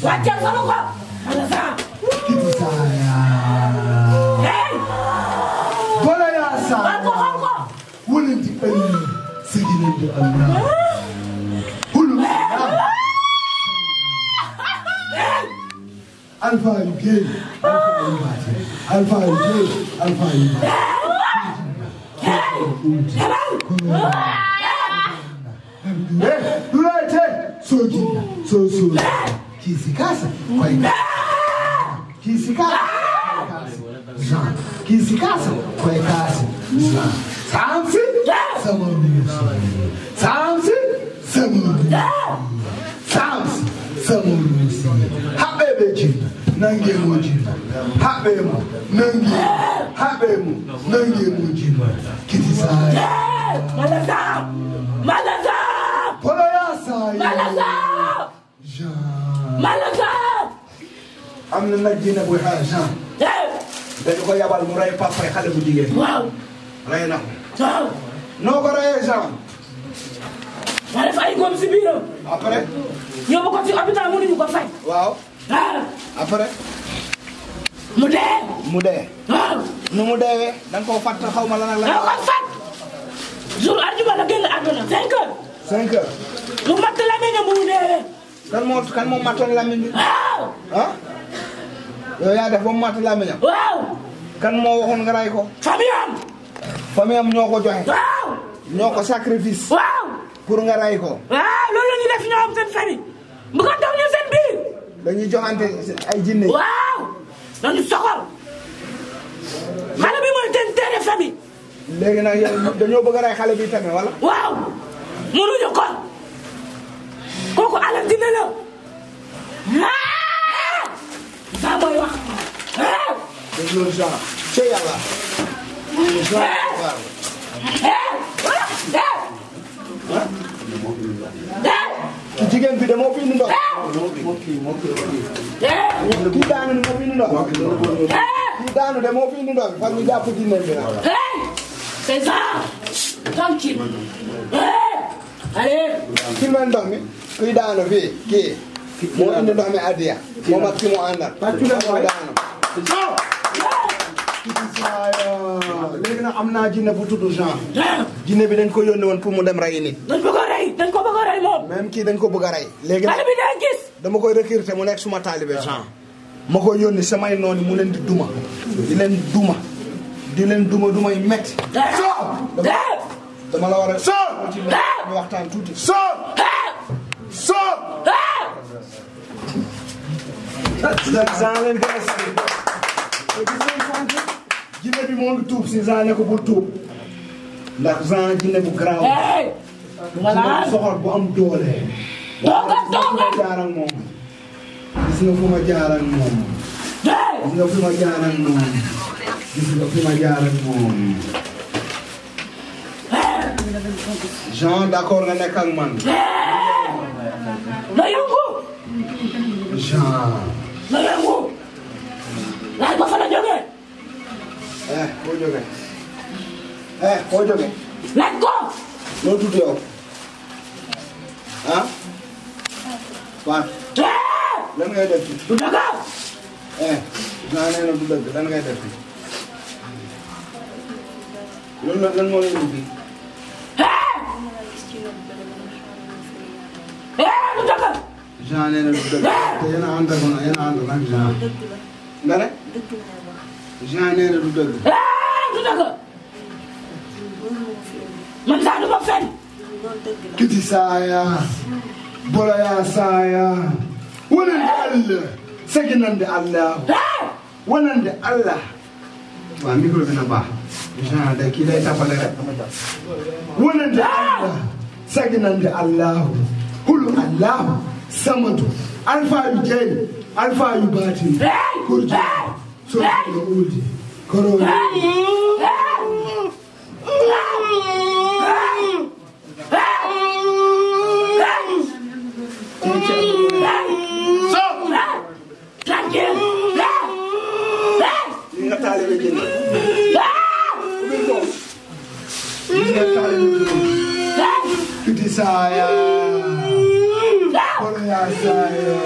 Vai ter solo, pô. Olha só. Que desaya. Ei. Olha essa. Orba, orba. Wouldn't you be singing to Allah? Alpha yu génn Alpha yu baatin Alpha yu génn Alpha yu baatin lulete sojinda sosoda kisikasa kwainga kisikasa Jean kisikasa kwaikasa Jean samsi samoni samsi samoni samsi samoni nangeemu jiima haɓeemo nangeemu haɓeemo nangeemu jiima kiti saayi malasa malasa poloya saayi jean malasa am na najjina boy ha jean dañu ko yabal mu rey papa yi xale bu jigéen waaw rey na ko waaw noo ko reyee jean ma def ay góom si biiram après ko ci hôpital mënuñu ko fay waaw après. mu dee. mu dee. nu mu deewee. da nga koo fàtt xaw ma lan ak lan. da nga ko fàtt. génn àdduna. 5 heures. mu matt lamiñam mu deewee. kan moo mattoon lamiñ waaw. ah. yow yaa mu matt lamiñam. waaw. kan moo waxoon nga ray ko. famille ñoo ko joxe. waaw. ñoo ko sacrifice. waaw. pour nga ray waaw loolu la ñuy ñoom seen famille. bu ko toog ñu seen biir. dañuy joxante ay jinne waaw dañu soxor xale bi mooy ten tere famille léegi nag dañoo bëgg a xale bi tamit wala waaw mënuñu ko kooku alal dina la saa mooy wax def loolu genre ci yàlla jigéen bi de moo fi indi ndox. Eh! Eh! kii daanu moo daanu de moo fi indi ndox eh! fan ñu jàpp jinne bi na. c'est ça. tranquille. allez. kii mel ndox mi kii daanu fii kii. moo indi ndox mi addiya. moo mat ki mu àndal. daanu. léegi nag am naa jinne bu tudd Jean. jinne bi dañ ko yónni woon pour mu dem rey nit. dañ ko rey dañ ko bëgg rey moom. même kii dañ ko bëgg a rey. léegi dama koy recruter mu nekk suma taalibe Jean. ma koy yónni samay noonu mu leen di duma. di leen duma. duma dumay métti. soo dama la war a. soo tuuti. soo jinne bi moo ngi tuub si Jean ne ko bul tuub ndax Jean jinne bu garaaw. voilà soxor bu am doole. toogal toogal gis nga fu ma jaar moom. gis nga fu ma jaar ak moom. gis nga fu ma jaar ak moom. fu ma jaar moom. Jean d'accord nga nekk ak man. na yëngu. Jean. na yëngu. laaj ba fa la jógee. ah boo jógee ah boo jógee. laaj ko. noo tudd yow ah. waaw. lan ngay def fii. du dëgg. eh naa nee na du dëgg lan ngay def fii. lan la lan moo lay dugg. Jean nee na du dëgg. te yéen a ànd ak yéen a ànd ak Jean. nga ne. Jean nee na du dëgg. Eh, man sax du fen. kiti saaya. bolaya saaya. wonande allah. saginande allah. Eh! wonande allah. waaw micro bi na baax. Jean eh! allah. saginande allah. hulu allah. samadu. alfa kurju. sohluɗo o ulde kono Saya, kono ya saya,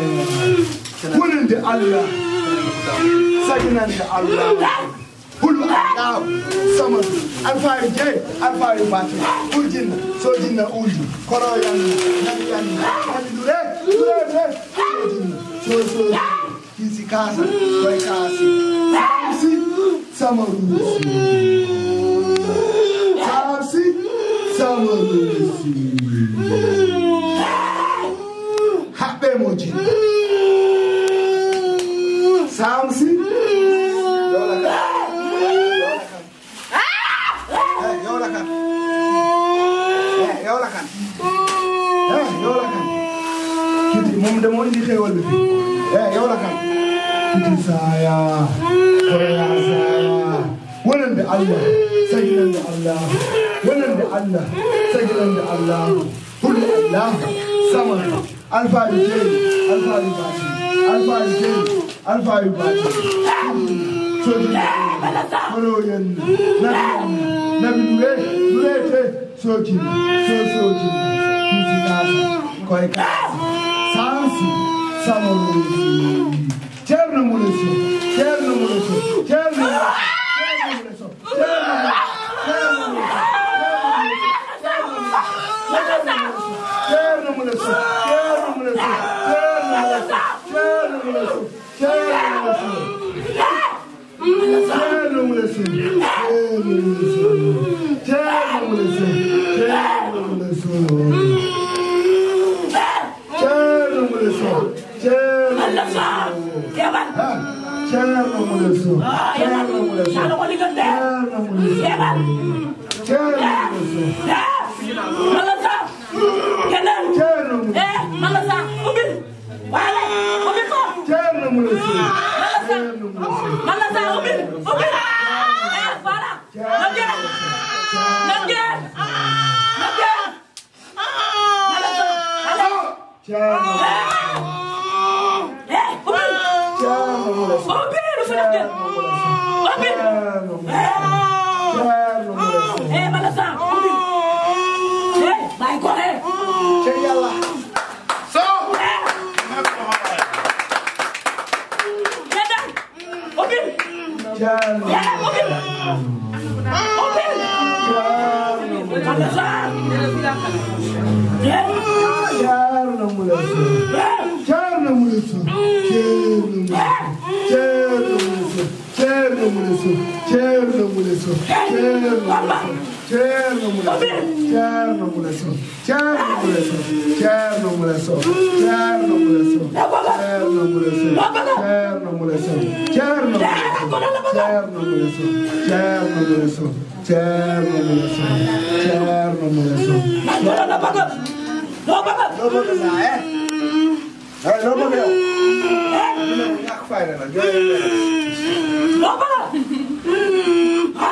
hulunde Allah. sakinande allah hulɓe allah sama alfaari jeyi alfaari bati ujinna so jinna uldi koroyanna naniyanna hamiɗure ɗurede sojinna so sojinna kisi kasa koye kasi samsi sama ruusi samsi sama ruusi haɓɓe mo jinna Samsi. yow la kan. yow la kan. yow la kan. yow la kan. Kiti moom de moo indi xéwal bi fii yow la kan. Kiti Saaya. Koya Saaya. wonande Allah. sajjilande Allah. wonande Allah. sajjilande Allah. huɗu Allah. sama. alfaari jeeri alfaari baati alfaari jeeri. alfa yu baati sojuru koloyen nabi nabi dure durete sojuru so sojuru misikasa koy kasa sansi samoro cerno muleso cerno muleso cerno muleso cerno muleso cerno muleso Malasa, ubin, wala. man la saa ubbi ubbi eh voilà na ngeen na ngeen na ngeen man la saa ubbi ubbi ubbi open. Yàlla open. open. Madrasa. Ceerno Moule Sow. Ceerno Moule Sow. Ceerno Moule Sow. Ceerno Moule Sow. Ceerno Moule Sow. Ceerno Moule Sow. Ceerno Moule Sow. Ceerno Moule Sow. Sow Thierno Moule Sow Thierno Moule Sow Thierno Moule Sow Thierno Moule Sow Thierno Moule Sow Thierno Moule Sow Thierno Moule Sow Thierno Moule Sow Thierno Moule Sow Thierno Moule Sow loo bëgg a. loo bëgg naa eh. waaye loo bëgg yow. eh. ñu ne ñàkk fay la nag. loo bëgg a. ah.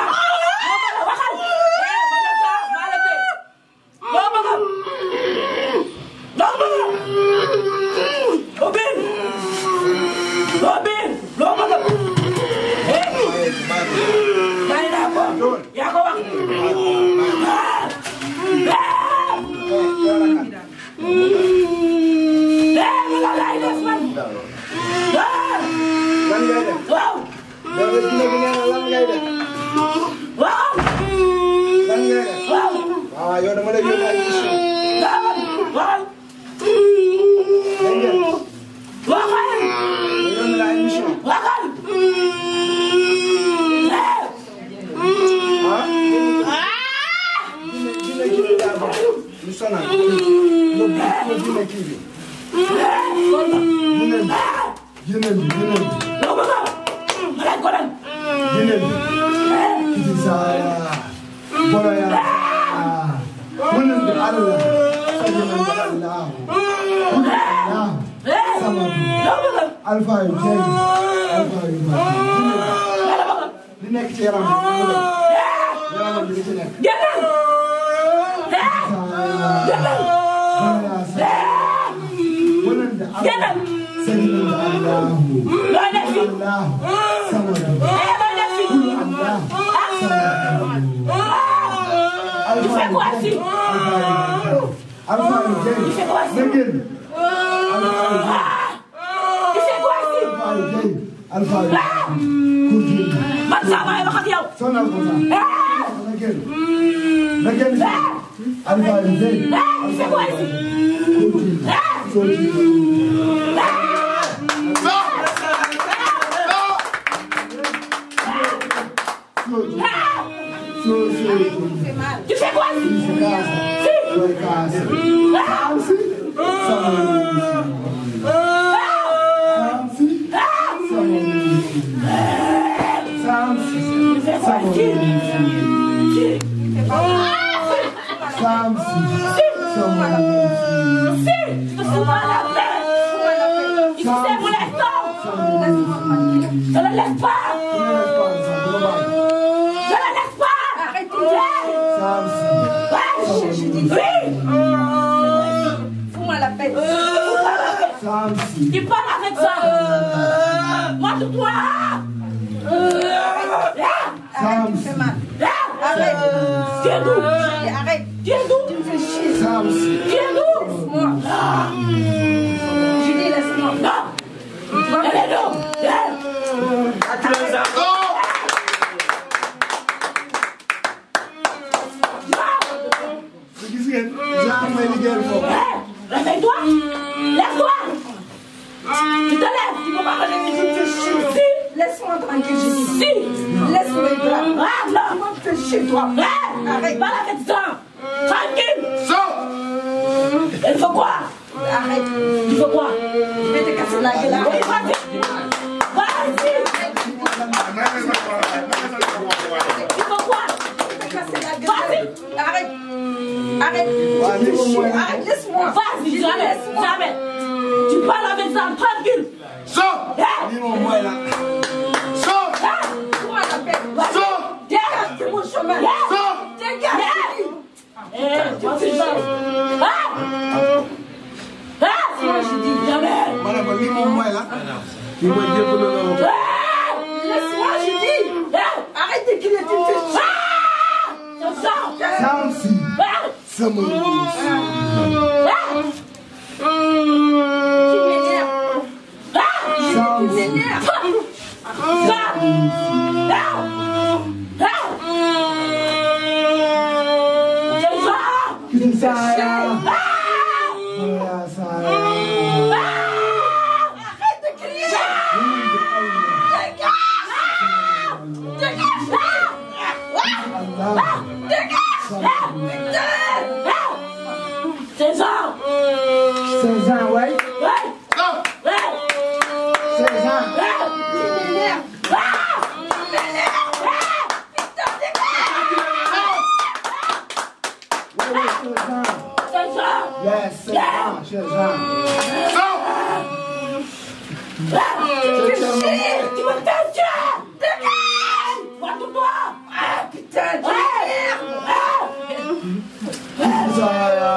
mooy kii bi. jineen bi jineen bi jineen bi. jineen bi. kii saaya. bolo yaa. wulen bi allah. sajinan bi allah. allah. sababu. alfa yu jëli. alfa yu ma. li nekk ci yaram bi. yaram bi li ci nekk. gënal. loo def fi. eh loo def fi. ah. il fait quoi si. il fait quoi si. il fait quoi si. man saa ma wax ak yow. Advisé. C'est quoi Tu fais quoi Tu fais quoi Euh, euh, tu parles avec ça. Montre-toi. Arrête. Arrête. Arrête. chez toi. Hé Arrête. Pas la tête sans. Tranquille. Sans. Il faut quoi Arrête. Il faut quoi Je vais te casser la gueule. Arrête. Vas-y. Vas-y. Il faut quoi Vas-y. Arrête. Arrête. Arrête. Laisse-moi. Vas-y. Jamais. Jamais. Tu parles avec ça. Tranquille. Sans. Eh, moi c'est ça. Ah Ah Moi je dis jamais. Voilà, bah, lui, mon moi là. Il m'a dit que non. Ah Laisse-moi, je dis. Ah Arrête de crier, tu me fais. Ah Ça sort. Samsi. Ah Ça me Ah Tu m'énerves. Ah Tu m'énerves. Ah Sarah. يا سارة Arrête de crier Dégage Dégage Dégage Dégage César César, ouais Jean, cher Jean. Non Tu me chies Tu me fais le cul Retourne-toi Ah putain tu me Ah Zaya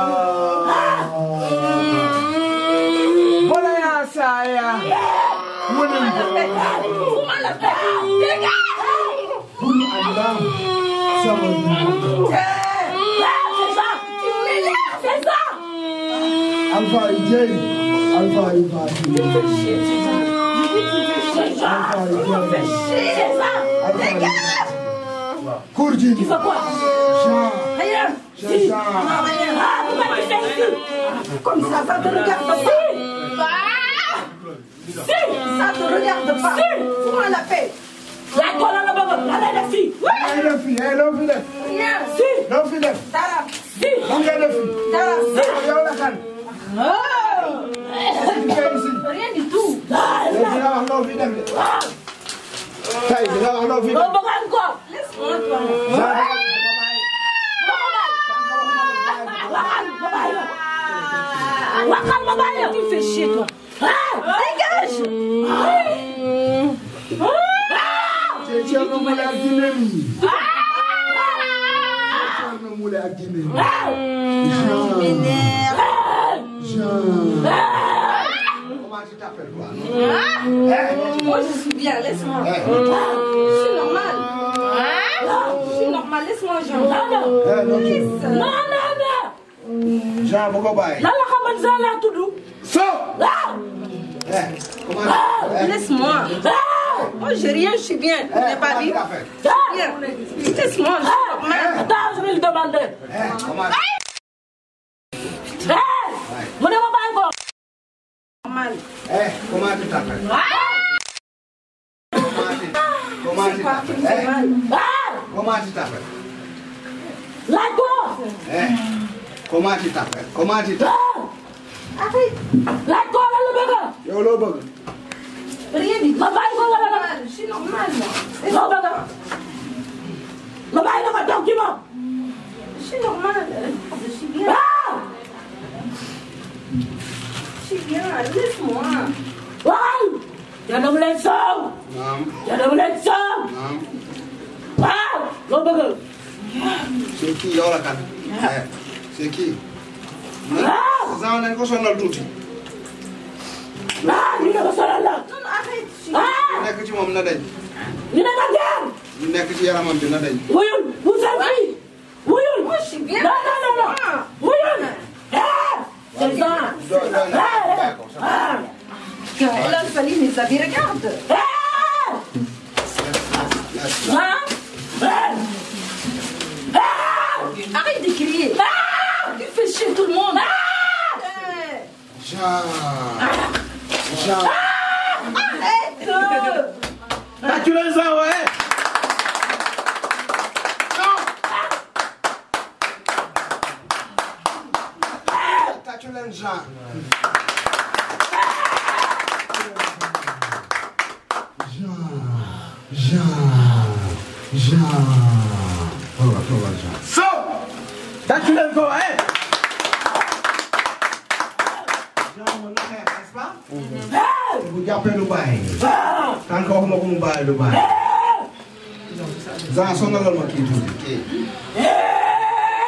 Bonaya Zaya Mwenye Mwenye Mwenye Mwenye Mwenye Alpha et J. Alpha et J. Alpha et J. Alpha et Kourdi. Tu fais quoi Rien. Si. Ah, tu m'as dit ça Comme ça, ça te regarde pas. Si. Ça te regarde pas. Fous-moi la paix. La cola la baba, la la fi. Ay la fi, ay la fi def. Si. La fi def. Dara. Si. Nga def. Dara. Yow la kan. rien du tout. dina wax loolu fii dem de. tey dina wax loolu fii dem. boo bëggoon ko. waxal ma bàyyi la. waxal ma bàyyi la. tu fais chier toi. ah dégage. Thierno Moule ak Guinée mi. Thierno Moule ak Guinée mi. Comment tu t'appelles quoi Moi je suis bien, laisse-moi. Je suis normal. Je suis normal, laisse-moi Jean. Non, non. Non, non, non. Jean, bu ko bàyyi. lan la xamal Jean laa tudd. So. Comment Laisse-moi. Oh, j'ai rien, je suis bien. Je n'ai pas dit. Je suis bien. Laisse-moi, je suis normal. Attends, je vais le demander. Comment commande. eh commande tàkkal. commande commande tàkkal. laaj ko. eh commande tàkkal commande tàkkal. affaire laaj ko wala lu bëgg. yow loo bëgg. ma bàyyi ko wala la. loo bëgg. ma bàyyi la ma toog ci moom. Je suis bien, laisse-moi. Waaw. Yàlla mu leen soow. Naam. Yàlla mu leen soow. Naam. Waaw. loo bëgg. C'est la kan. Ah. Eh, c'est kii. Waaw. Zaa nañ ko sonal tuuti. Ah, ñu ne la. Ah. nekk ci moom na dañ. ñu ne ko gën. nekk ci yaramam bi na Quelqu'un Là, il fallait les avis, regarde Arrête de crier Tu fais chier tout le monde Jean Jean Arrête ah, Tu les as, ouais tàccu leen Jean Jean Jean Jean toogal toogal Jean so tàccu leen ko eh Jean mën na xeex n'est-ce pas bu jàppee lu bàyyi tant que waxuma ko mu bàyyi lu bàyyi Jean sonalal ma kii tuuti kii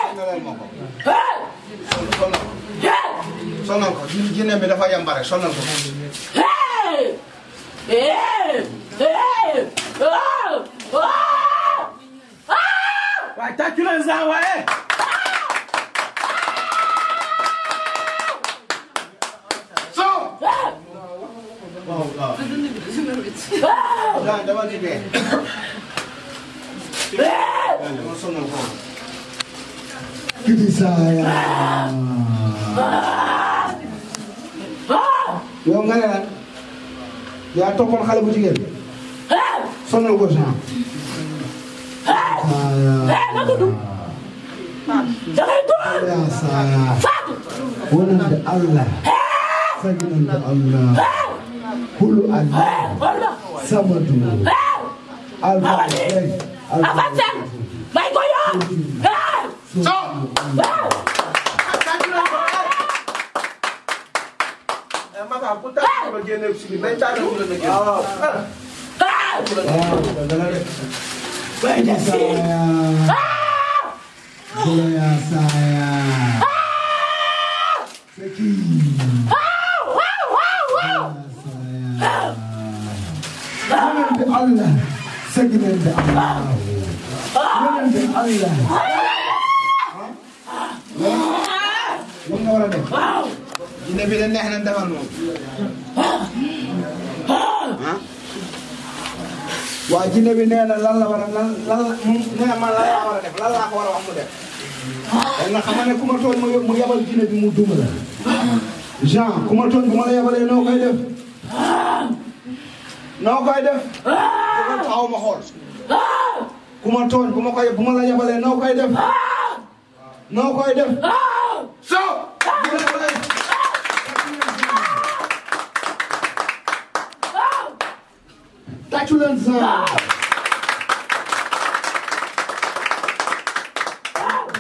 sonalal ma ko sonal ko jinne bi dafa yambare sonal ko. waaye tàccu leen saa waaye. waaw waaw. waaw dama di dee. dama sonal ko. Kidi saa yaa. Ah! yow nga ne la yaa toppoon xale bu jigéen. Ah! sonal ko Jean. yaa Saara. wonande Allah. Eh! saginande Allah. Eh! kulu Allah. samadu. Allah. Abacem. Baykoyo. ah bu tàggatoo ba génne si biir nañ tàggatoo ba génne. waaw. waaw dana def. waaye de si. Goloya Saaya. Seki. Goloya Saaya. Yonente Allah. Seki nente Allah. Yonente Allah. lan nga war a def. jinne bi de neex na defar moom. waaw jinne bi nee na lan la war a lan lan la mu nee na man lan laa war ko war a wax mu def. waaw nga xam ne ku ma mu yabal jinne bi mu duma la. Jean ku ma bu ma la yabalee noo koy def. noo koy def. dama tàccu leen sa.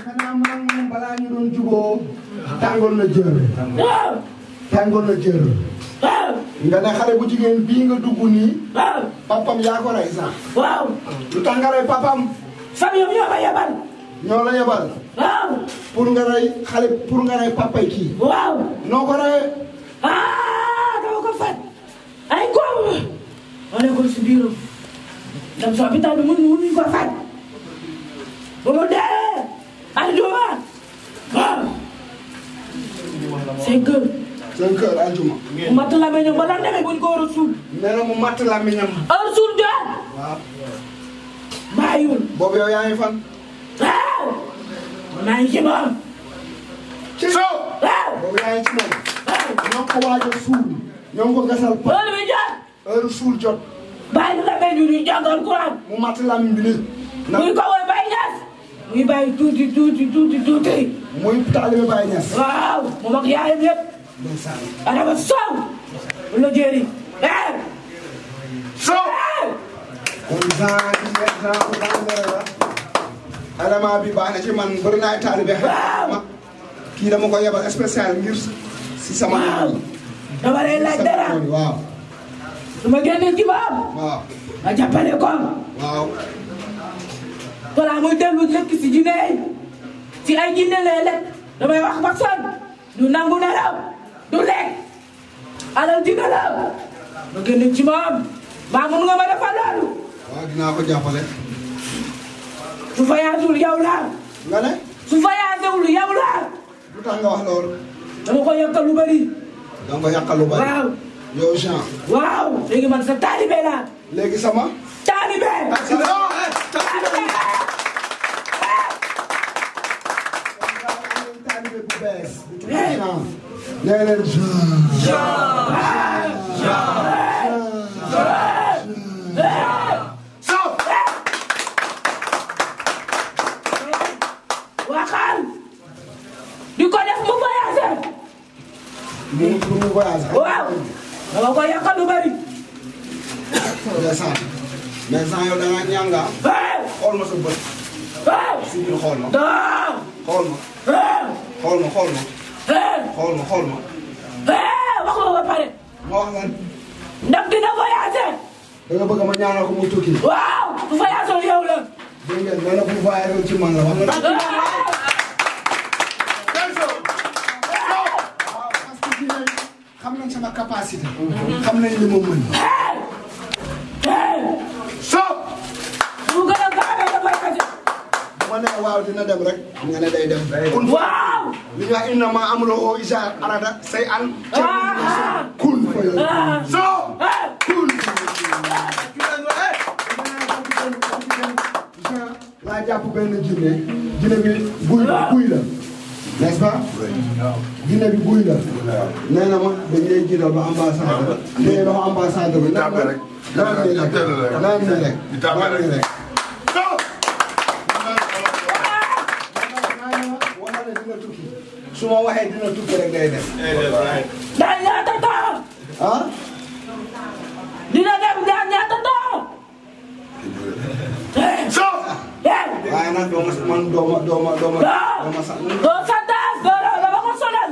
xanaa man moom balaa ñu doon juboo tàngoor na jër. tàngoor na jër. nga ne xale bu jigéen bii nga dugg nii. papam yaa ko rey sax. waaw. lu tax nga rey papam. famille bi ñoo ma yebal. ñoo la yebal. waaw. pour nga rey xale kii. waaw. noo ko reyee. ah dama ko fat ay góob. ma nekkoon si biiram dem si hôpital bi mënuñu mënuñu ko faj ba ma dee aljuma waaw. Ah. cinq heures. cinq heures aljuma. mu matt làmmiñam ba lan demee buñ ko war a mu matt làmmiñam. heure suul jot. waaw. bàyyiwul. boobu yaa ngi fan. waaw. maa ngi ci moom. ci yaa ngi ci moom. waaw. ñoo ko waaj a suul. ñoo heure suul jot. bàyyi la nga ñu ñu jàngal Quran. mu mat lamiñ bi nii. na muy ko woy Baye Niass. muy bàyyi tuuti tuuti tuuti tuuti. muy taalibe Baye Niass. waaw moom ak yaayam yëpp. ndeysaan. adama soow. wala jéeri. soow. kon saa yi nekk naa ko la. alama bi baax ci man bëri naa taalibe. waaw kii dama ko yebal spécial ngir si sama. waaw dama lay dara su ma génnee jibaam. waaw ma jàppale ko. waaw. balaa muy dellu si jinne si ay jinne lay damay wax ba sonn du nangu nelaw du lekk alal jinne ma génne ci moom maa mun nga ma defal loolu. waaw dinaa ko jàppale. su fa yaatuwul yow la. nga ne. su fa yaatuwul yow la. lu tax nga wax loolu. dama ko yàqal lu bëri. dama ko yàqal yow Jean. waaw léegi man sa taalibe léegi sama. taalibe. taalibe bu bees. nee leen Jean. Jean. mais sans yow da ngaa ñaan nga xool ma sa bët. si biir xool ma. xool ma. xool ma xool ma. xool ma xool ma. wax nga ba pare. ma wax lan. ndax dina voyagé. da nga bëgg ma ñaanal ko mu tukki. waaw bu voyagé yow la. dégg ngeen nee na bu voyagé ci man la wax nga. xam nañ sama capacité. Mm-hmm. xam nañ li ma mën. lay def. kun waaw. li nga wax inna maa amruhu izaa arada shay'an. Ah. kun fayakun. Ah. soo ah. kun. laa jàpp benn jinne. jinne bi buy buy la. jinne bi buy la. ma dañ lay jiital ba ambassade ba. nee na ma ambassade ba. rek. rek. rek. su ma waxee dina tukki rek day dem. Eh, eh, day ñaata temps. ah. dina dem day ñaata temps. Eh. so. waaye nag doo ma man doo ma doo ma doo ma. doo ma sant. doo santaas doo la dama ko sonal.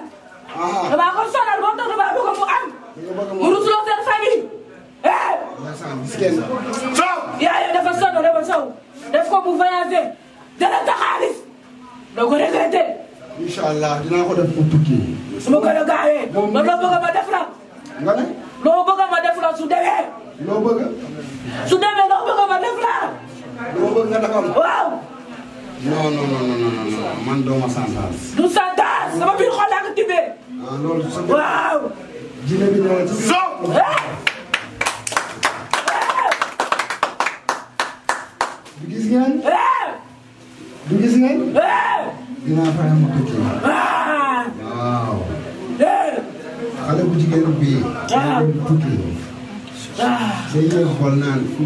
Ah. dama ko sonal boo tax dama bëgg mu am. mu rusloo seen famille. so. yaay dafa sonn dafa sow def ko mu voyager dana taxaalis doo ko regretter. incha allah dinaa ko def pour tukki. su ma gën a gaawee. loo bëgg def la. nga ne. loo bëgg ma def la su demee. loo bëgg. su demee loo bëgg ma def la. loo bëgg nga defal. waaw. non non non non non man dooma santaas. du santaas sama biir xol laa ko tibbee. ah loolu sa waaw. jinne bi ñëw ci so du gis ngeen. Eh! Eh! du gis ngeen. Eh! dinaa fexe ma tukki. waaw. xale bu jigéen bi. waaw tukki. day ñëw xool naan fu.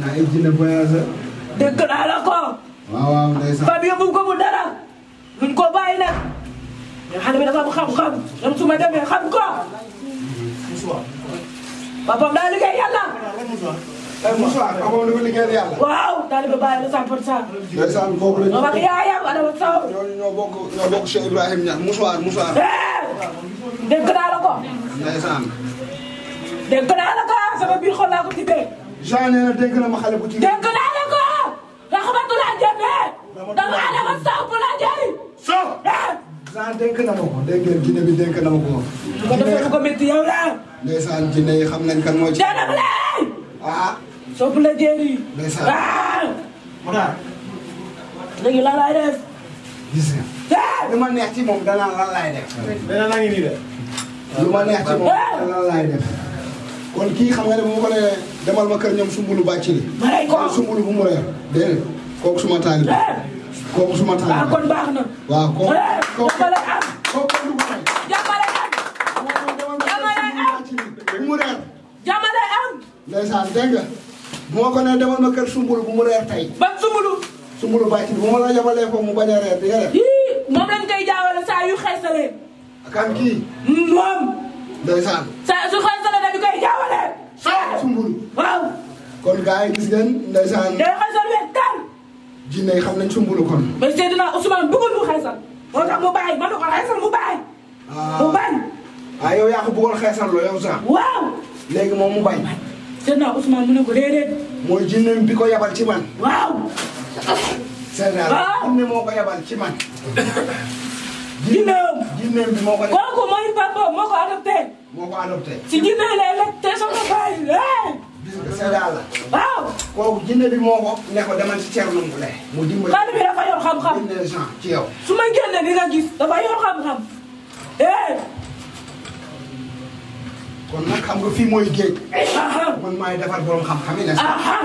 naa ay jinne voyage. dégg naa la ko. waaw waaw ndeysaan. Fab yóbbu ko mu dara. buñ ko bàyyi nag. mais xale bi dafa am xam-xam. même su ma demee xam ko. Mm-hmm. papaam daa liggéey yàlla. musuwaat papaam dafa liggéeyal yàlla. waaw daa liggéey bàyyi la cent pour cent. la ñu. yaayam Adama Sow. ñooñu ñoo bokk ñoo bokk Cheikh Ibrahim Niass musuwaat musuwaat. Eh, dégg naa la ko. ndeysaan. dégg naa la ko sama biir xol laa ko tibbee. Jean nee na dégg na ma xale bu ci. dégg naa la ko. rahmatulah Jembe. dama ndeysaan dénk na ma ko dégg ngeen jinne bi dénk na ma ko moom. bu ko defee du ko métti yow la. ndeysaan jinne yi xam nañ kan moo ci. jërëjëf leen. ah. sopp la jéeri. ndeysaan waaw. mu daal. léegi lan laay def. gis nga. li ma neex ci moom danaa lan laay def. dana naa ngi nii de. lu ma neex ci moom danaa lan laay def. kon kii xam nga ne bu ma ko nee demal ma kër ñoom sumbulu bàcc li. ma lay ko sumbulu bu mu reer déedéet kooku suma taalibe kooku suma taal waaw kon baax na. waaw kooku eh, am. kooku am. dama am. mu reer. dama lay bu ma ko nee demal ma kër Sumbulu bu mu reer tey. ban Sumbulu. Sumbulu bàyyi bu ma la yabalee foofu mu bañ a reer di nga reer. moom lañ koy jaawale saa yu xeesalee. kan kii. moom. ndeysaan. saa su xeesalee dañu koy jaawale. saa Sumbulu. waaw. kon gars yi gis ngeen ndeysaan. day xeesal wet kan. jinne yi xam nañ sumbulu kon. mais Seydina Ousmane bëggul xeesal. moo tax mu ma ne ko xeesal mu bàyyi. Ah. mu bàyyi. ah yow yaa ko bëggoon xeesal loo yow sax. waaw. léegi mu bàyyi. Seydina Ousmane mu jinne bi ko yabal ci man. waaw. Seydina ah. jinne ko yabal ci man. ginneewam ko. kooku mooy papa moo ko adopté. moo ko adopté. ci ginneew a bis bi séddaal la. waaw. kooku jinne bi moo ko. ne ko demal ci Thierno Moule. mu dimbali man bi dafa yor xam-xam. dinañ gens ci yow. su ma génnee di nga gis dafa yor xam-xam. Eh. kon nag xam nga fi mooy géej. man maay defar borom xam-xam yi ne. ah eh.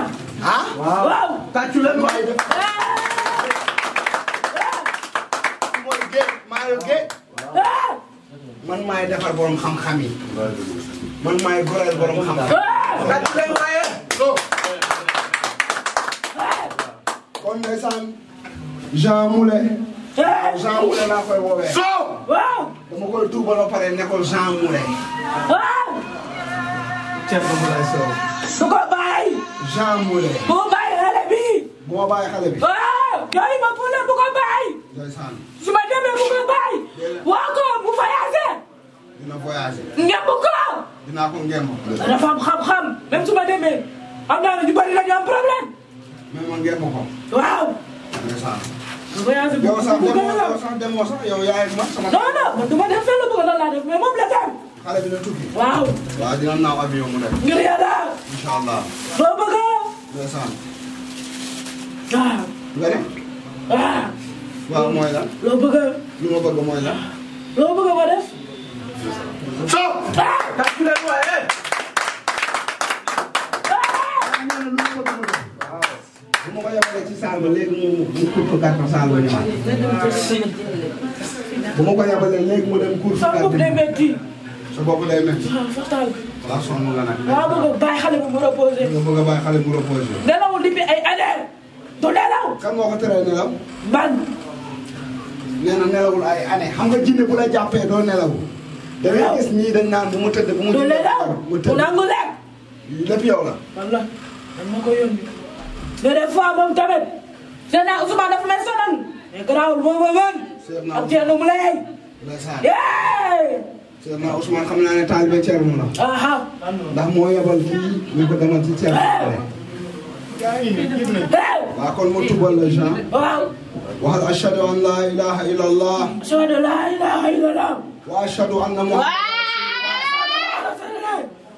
eh. man maay defar borom xam-xam yi. man maay goreel borom xam. ndax lay maye. kon ndeysaan Jean Moulé. Eh! Jean Moulé laa koy woowee. dama koy tuubal ba pare ne ko Jean Moulé. Ah! ceeb bi mu lay sew. su ko bàyyi. Jean Moulé. bu ma bàyyi xale bi. bu ma bàyyi xale bi. yooyu ma bu ne bu ko bàyyi. ndeysaan su ma demee bu ko bàyyi. waa ko bu fa yaasee. dina voyagé. ngemb ko. dinaa ko ngemb. dafa am xam-xam même su ma demee am naa ne ñu bari la ñu am problème. mais man ngemb ko. waaw. voyage bu yow sax demoo sax yow yaay man sama. non non man du ma def fenn bëgg na laa def mais moom la tam. xale dina tukki. waaw. waaw dina naaw avion mu nekk. ngir yàlla. incha allah. doo bëgg a. ndeysaan. waaw. nga ne. waaw. waaw mooy lan. loo bëgg a. lu ma bëgg mooy lan. loo bëgg a ma def. so tax bi leen waaye nee na ko dama bu ci saal ba léegi mu mu kupp gàttal saal ba ñëwaat bu ma ko yemalee léegi mu dem kuur si gàttal sa bopp day métti waaw sonn nga nag waaw bëgg a bàyyi xale bu mu reposé nelawul depuis ay années du nelaw kan moo ko nelaw ban nee na nelawul ay années xam nga jinne bu la jàppee doo nelaw da ngay gis ñii dañ naan bu mu tëdd bu mu. du lelaw bu nangu lekk. lépp yow la. wallaahi man ma ko yónni. mais des fois moom tamit. seen naa Ousmane dafa may sonal. mais garaawul boo ko mën. seen naa ak Thierno Moulay. ndeysaan. seen naa Ousmane xam naa ne taalibe Thierno la. ndax moo yebal fii ñu ko demal ci Thierno. waaw kon mu tubal la Jean. waaw. waxal ashhadu an laa ilaaha illallah. ashhadu an laa ilaaha illallah. wa ashhadu anna muhammadan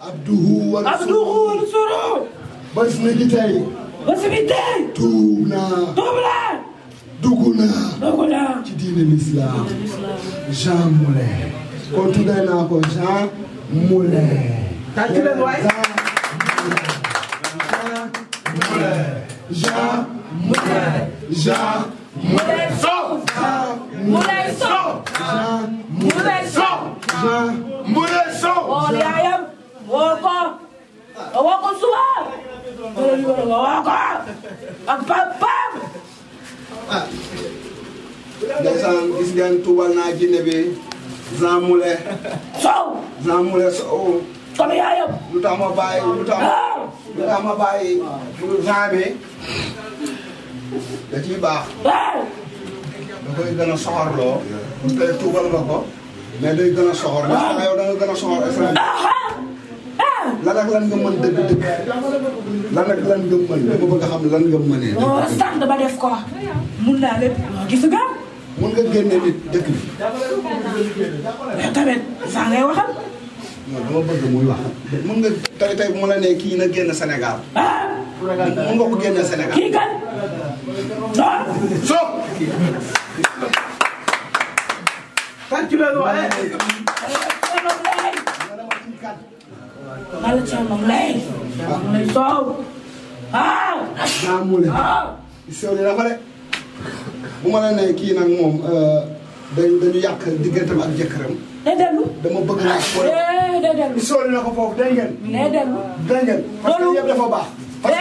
abduhu wa rasuluhu wa rasuluhu bés ni ki tey bés bi tey tuub naa tuub naa dugg naa dugg naa ci diine l'islam Jean Moulin ko tuddee naa ko Jean Moulin tàcc leen waay Jean Moulin Jean Moulin Sow Jean Moulin Sow Mouré Sow. Mouré Sow. woo yaayam woo ko woo ko suba. woo ko ak papaam. ah. ndeysaan gis ngeen tuubal naa jinne bi Jean Moulé. Sow. Jean Moulé Sow. comme yaayam. lu tax ma bàyyi lu tax lu tax ma bàyyi. Jean bi da ciy baax. da koy gën a soxorloo. tey tuubal nga ko. mais day gën a soxor ndax xanaa yow da nga gën a soxor Efraïm. Ah, ah, ah. lan ak lan nga mën dëgg dëgg. lan ak lan nga mën dama bëgg a xam lan nga mënee. dëgg sant ba def ko mun naa lépp gis nga. mun nga génne nit dëkk bi. mais eh, tamit saa ngay waxal. non dama bëgg muy wax. mun nga tey tey bu ma la nee kii na génn Sénégal. mun nga ko génne Sénégal. kii kan. non. so. tàcc leen waaye. Balla Thiam moom lay. moom lay soow. waaw. naa muule. waaw. sew ni dafa de bu ma la nee kii nag moom eh, dañu dañu yàq digganteem ak jëkkëram. day dellu. bëgg naa ko. day dellu. sew ko foofu day ngeen. day dellu. day ngeen. parce que yëpp dafa baax. parce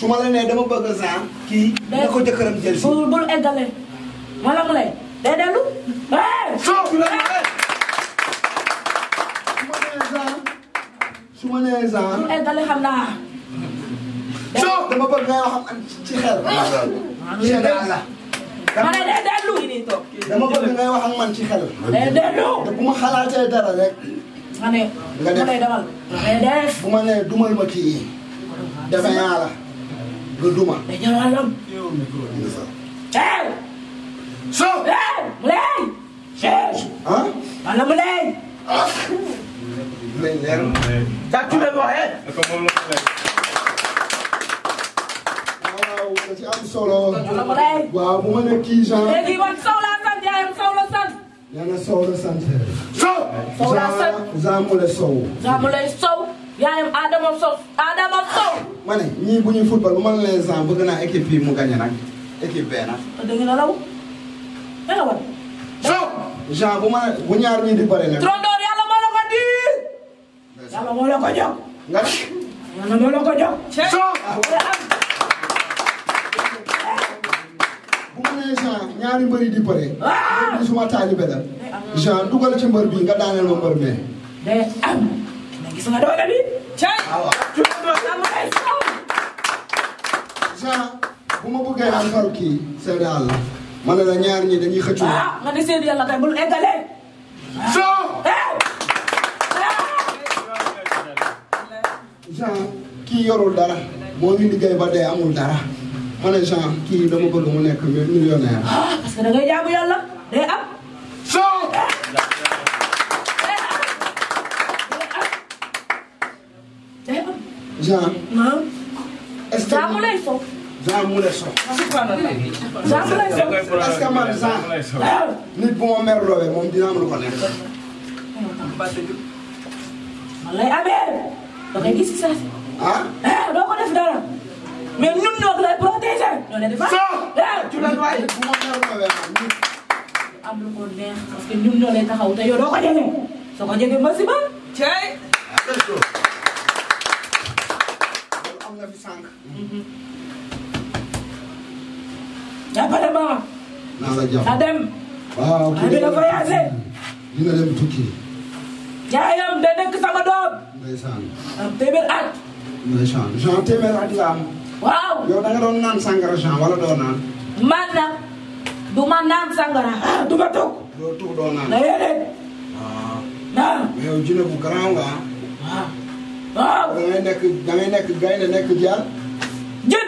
que ma nee dama bëgg saa. kii na ko jëkkëram jël si. eggale. wala mu lay day dellu. soobu la su ma nee genre su ma nee genre. xam naa. soobu dama bëgg nga ci xel. la. ma ne day dellu. dama bëgg ngay wax ak man ci xel. day dellu. te bu ma xalaatee dara rek. nga ne nga def def ma nee ma kii. defe naa la. nga duma. day jël wàllam. so mulay ah wala mulay mulay leer tàccu la waxee waaw da ci am solo waaw mu mën a kii genre léegi man Sow laa sant yaayam Sow la sant nee na Sow la sant Sow Sow laa sant Zamule Sow Zamule Sow yaayam Adama Sow Adama Sow bu ñuy football bu ma mu gagné nag équipe bee nag da taxawal. Jean. bu ma bu ñaar ñi di pare nag. trondoor yàlla moo la ko di. yàlla moo la ko jox. nga yàlla moo la ko jox. Jean. ñaari mbëri di pare. waaw ah! suma taalibe la. dugal ci mbër bi nga daaneel ma mbër mee. day gis nga doole bi. Ah, waaw Jean bu ma bëggee am faru kii. c'est ma ne la ñaar ñi dañuy xëccu. ah nga ne Seydou yàlla kay bul eggalee. so. Ah. Eh! Jean kii yorul dara moo ñu liggéey ba dee amul dara ma Jean kii dama bëgg mu nekk millionnaire. ah parce que da ngay jaamu yàlla day am. so. Eh, ah. Jean. Ah. est-ce que lay foofu. Jean Moulay Sow. Jean Moulay Sow est-ce que man Jean. nit bu ma mer loowee moom dinaa mën ko neex. man lay amee. da ngay gis si ah eh, doo ko def dara. mais ñun ñoo lay protéger. ñoo leen di fay Sow. nit eh! bu ma mer loowee man nit. am lu ko neex parce que ñun ñoo lay taxaw te yow doo ko jege. soo ko jege ma si ba. cey. Ah, am nga fi sànq. Mhm. daa pare ba. naa la jàpp na dem. waaw ah, kii la voyagé. ñu nga dem tukki. yaayam da nekk sama doom. ndeysaan. am téeméer at. ndeysaan Jean téeméer at nga am. waaw. yow da naan sangara Jean wala doo naan. man na du naan sangara. ah du ma toog. doo naan. na yéene. waaw. Ah. naan. mais yow jinne bu grand nga. waaw. Ah. waaw. da nekk da nekk jaar. jën.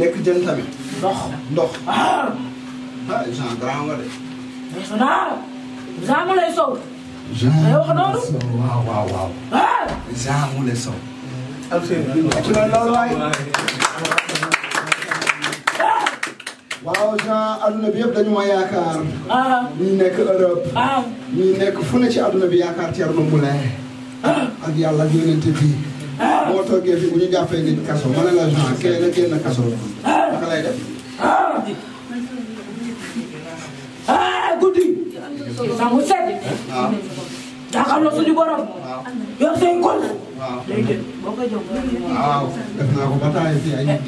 nekk jën tamit. ndox ndox. ah. ah Jean grand nga de. naa Jean waaw waaw waaw. ah. Jean Moulay waaw Jean adduna bi yëpp dañu ma ah. nekk Europe. ñi ah. nekk fu ne ci adduna bi yaakaar Thierno Moulay. Ah. ak yàlla yonente bi. boo toogee fi bu ñu jàppee nit kaso mën na la Jean kee la génn kaso naka lay def. ah guddi. sangu set. waaw. jaaxal suñu borom. waaw yor say kol. ko ba taay ay ngeen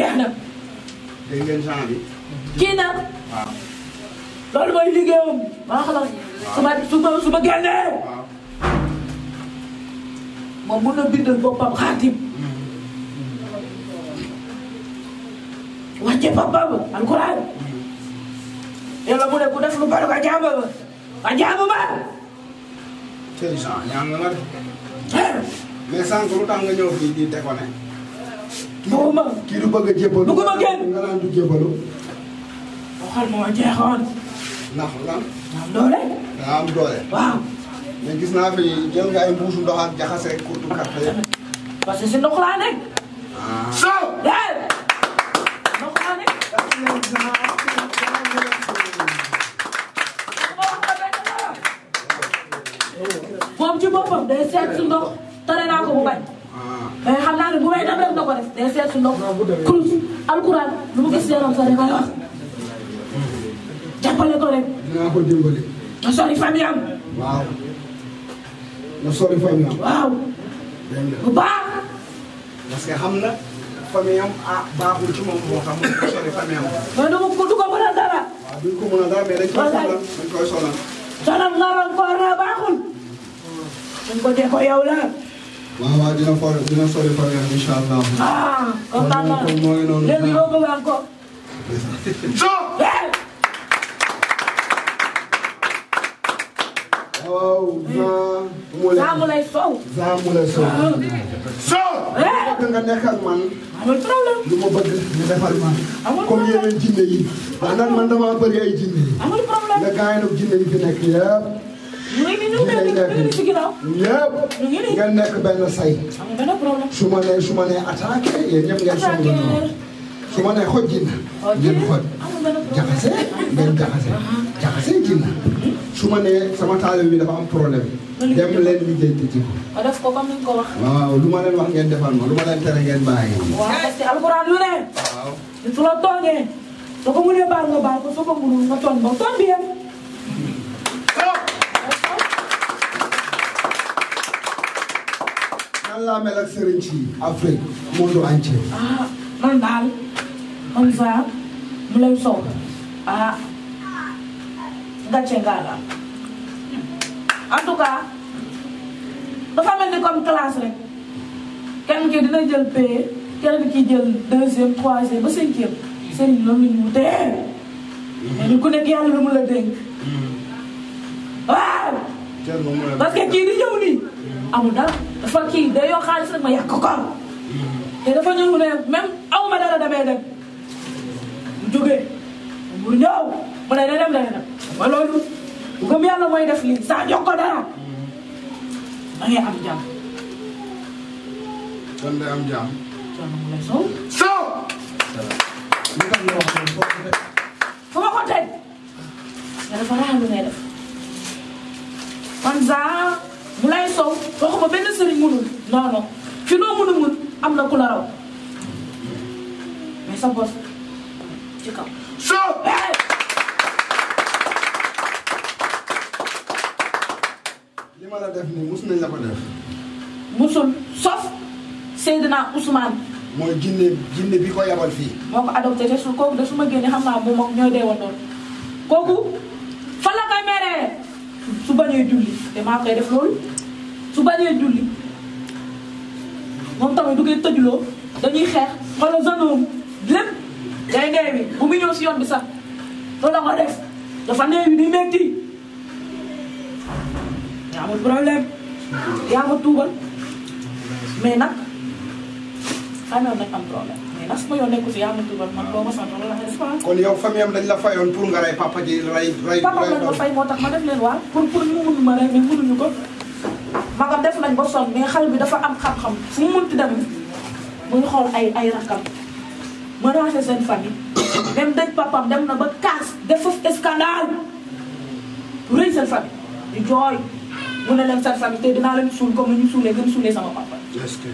Jean bi. kii nag. loolu mooy liggéeyam. maa xam su ma moom mun na bindal boppam xaatim wàcce papa ba alquran yàlla mu ne ku def lu bari nga jaam ba nga jaam ba tey Jean ñaan nga ma de mais sànq lu tax nga ñëw fii di déconné bugguma kii du bëgg a jébbalu bugguma kenn nga naan du jébbalu waxal moo jeexoon ndax lan daa am doole daa am doole waaw mais gis naa fi jël nga ay mbuusu ndox ak jaxase rek kurtu carte yëpp. parce que si ndox laa nekk. ah soo. déedéet ndox laa nekk. moom ci boppam day seet su ndox tere naa ko bu bañ. Ah. mais xam naa ne bu may dem rek na ko def day seet su ndox. kurus alkuraan lu mu gis yaram sa rek ay wax. jàppale ko rek. dinaa ko dimbali. nga sori famille am. waaw. mu sori famille am. waaw. bu baax. parce que xam na famille am ah ci moom moo xam mu sori famille am. mais du ko du ko mën a dara. waaw ah, duñ ko mën a dara mais dañ koy sonal dañ koy sonal. sonal gàllankoor la ah, baaxul. dañ ko dee ko yow la. waaw waaw dina for dina sori famille am waaw Zamulay Sow. Zamulay Sow. Ah. Sow. Eh! bëgg nga nekk ak man. amul problème. lu ma bëgg nga defal ma. amul problème comme yeneen jinne yi. maanaam man damaa bëri ay jinne yi. amul problème nga gaañ ak jinne yi fi nekk yëpp. ñu ngi nii ñu nga nekk benn say. amul benn problème. su ma nee su ma nee attaqué yéen ñëpp ngeen song noonu. su ma nee xoj jinne. ngeen xoj jaxase ngeen jaxase jaxase jinne. su ma nee sama taalibe bi dafa am problème. dem leen lijjanti ci ko. nga def ko comme ni nga ko wax. waaw lu ma leen wax ngeen defal ma lu ma leen tere ngeen bàyyi. waaw parce que alxuraan lu ne. waaw su la toogee. soo ko mënee baal nga baal ko soo ko mënul nga toon ba toon bi yem. nan laa mel ak sëriñ ci Afrique monde entier. ah man daal comme ça mu lay sow ah. gàcce ngaalaam en tout cas dafa mel ni comme classe rek kenn ki dina jël paie kenn ki jël deuxième troisième ba cinquième seen loolu la ñu wutee mais mm-hmm. ni ku nekk yàlla lu mu la dénk mm-hmm. waaw parce que kii di ñëw nii mm-hmm. amul dara dafa kii day yoo xaalis rek ma yàq ko te dafa ñëw ne même aw ma dara damay mu ne da dem ba loolu gëm yàlla mooy def lii saa jox ko dara da ngay am jàmm. kon day am jàmm. Thierno Moule Sow. Sow. li nga wax loolu foofu la. fu ma ko teg. nga dafa raxal lu ngay def. Kanza Moule Sow waxuma benn sëriñ mënul non non fi noo mënul mën am na ku la raw sa bos ci kaw. ma la def nii mus nañ la ko mooy jinne jinne bi ko yabal fii. moo ko adopté te su kooku de su ma génnee xam naa moom ñoo ñooy deewandoon kooku fan la koy meree su bañee julli te maa koy def loolu su bañee julli moom tamit du tëjuloo dañuy xeex xoolal zone lépp day neewi bu mu ñëw si yoon bi sax loolu la def dafa neewi di métti. yaa amul problème yaa ma tuubal mais nag xamewoon nañ am problème mais nag su ma yoon nekkul si yaa ma tuubal man boo ma sant loolu la n'est-ce pas. kon yow famille am dañ la fayoon pour nga rey papa ji rey. rey papa lañ ma fay moo tax ma def leen waaw pour pour ñu mun ma rey mais mënuñu ko. ma nga def nañ ba sonn mais xale bi dafa am xam-xam fu mu munti dem muy xool ay ay rakam ma ranger seen famille même dëj papam dem na ba kaas def foofu scandale rëy seen famille di jooy. mu ne leen seen famille te dinaa leen suul comme ni ñu suulee gën suulee sama papa. est-ce que.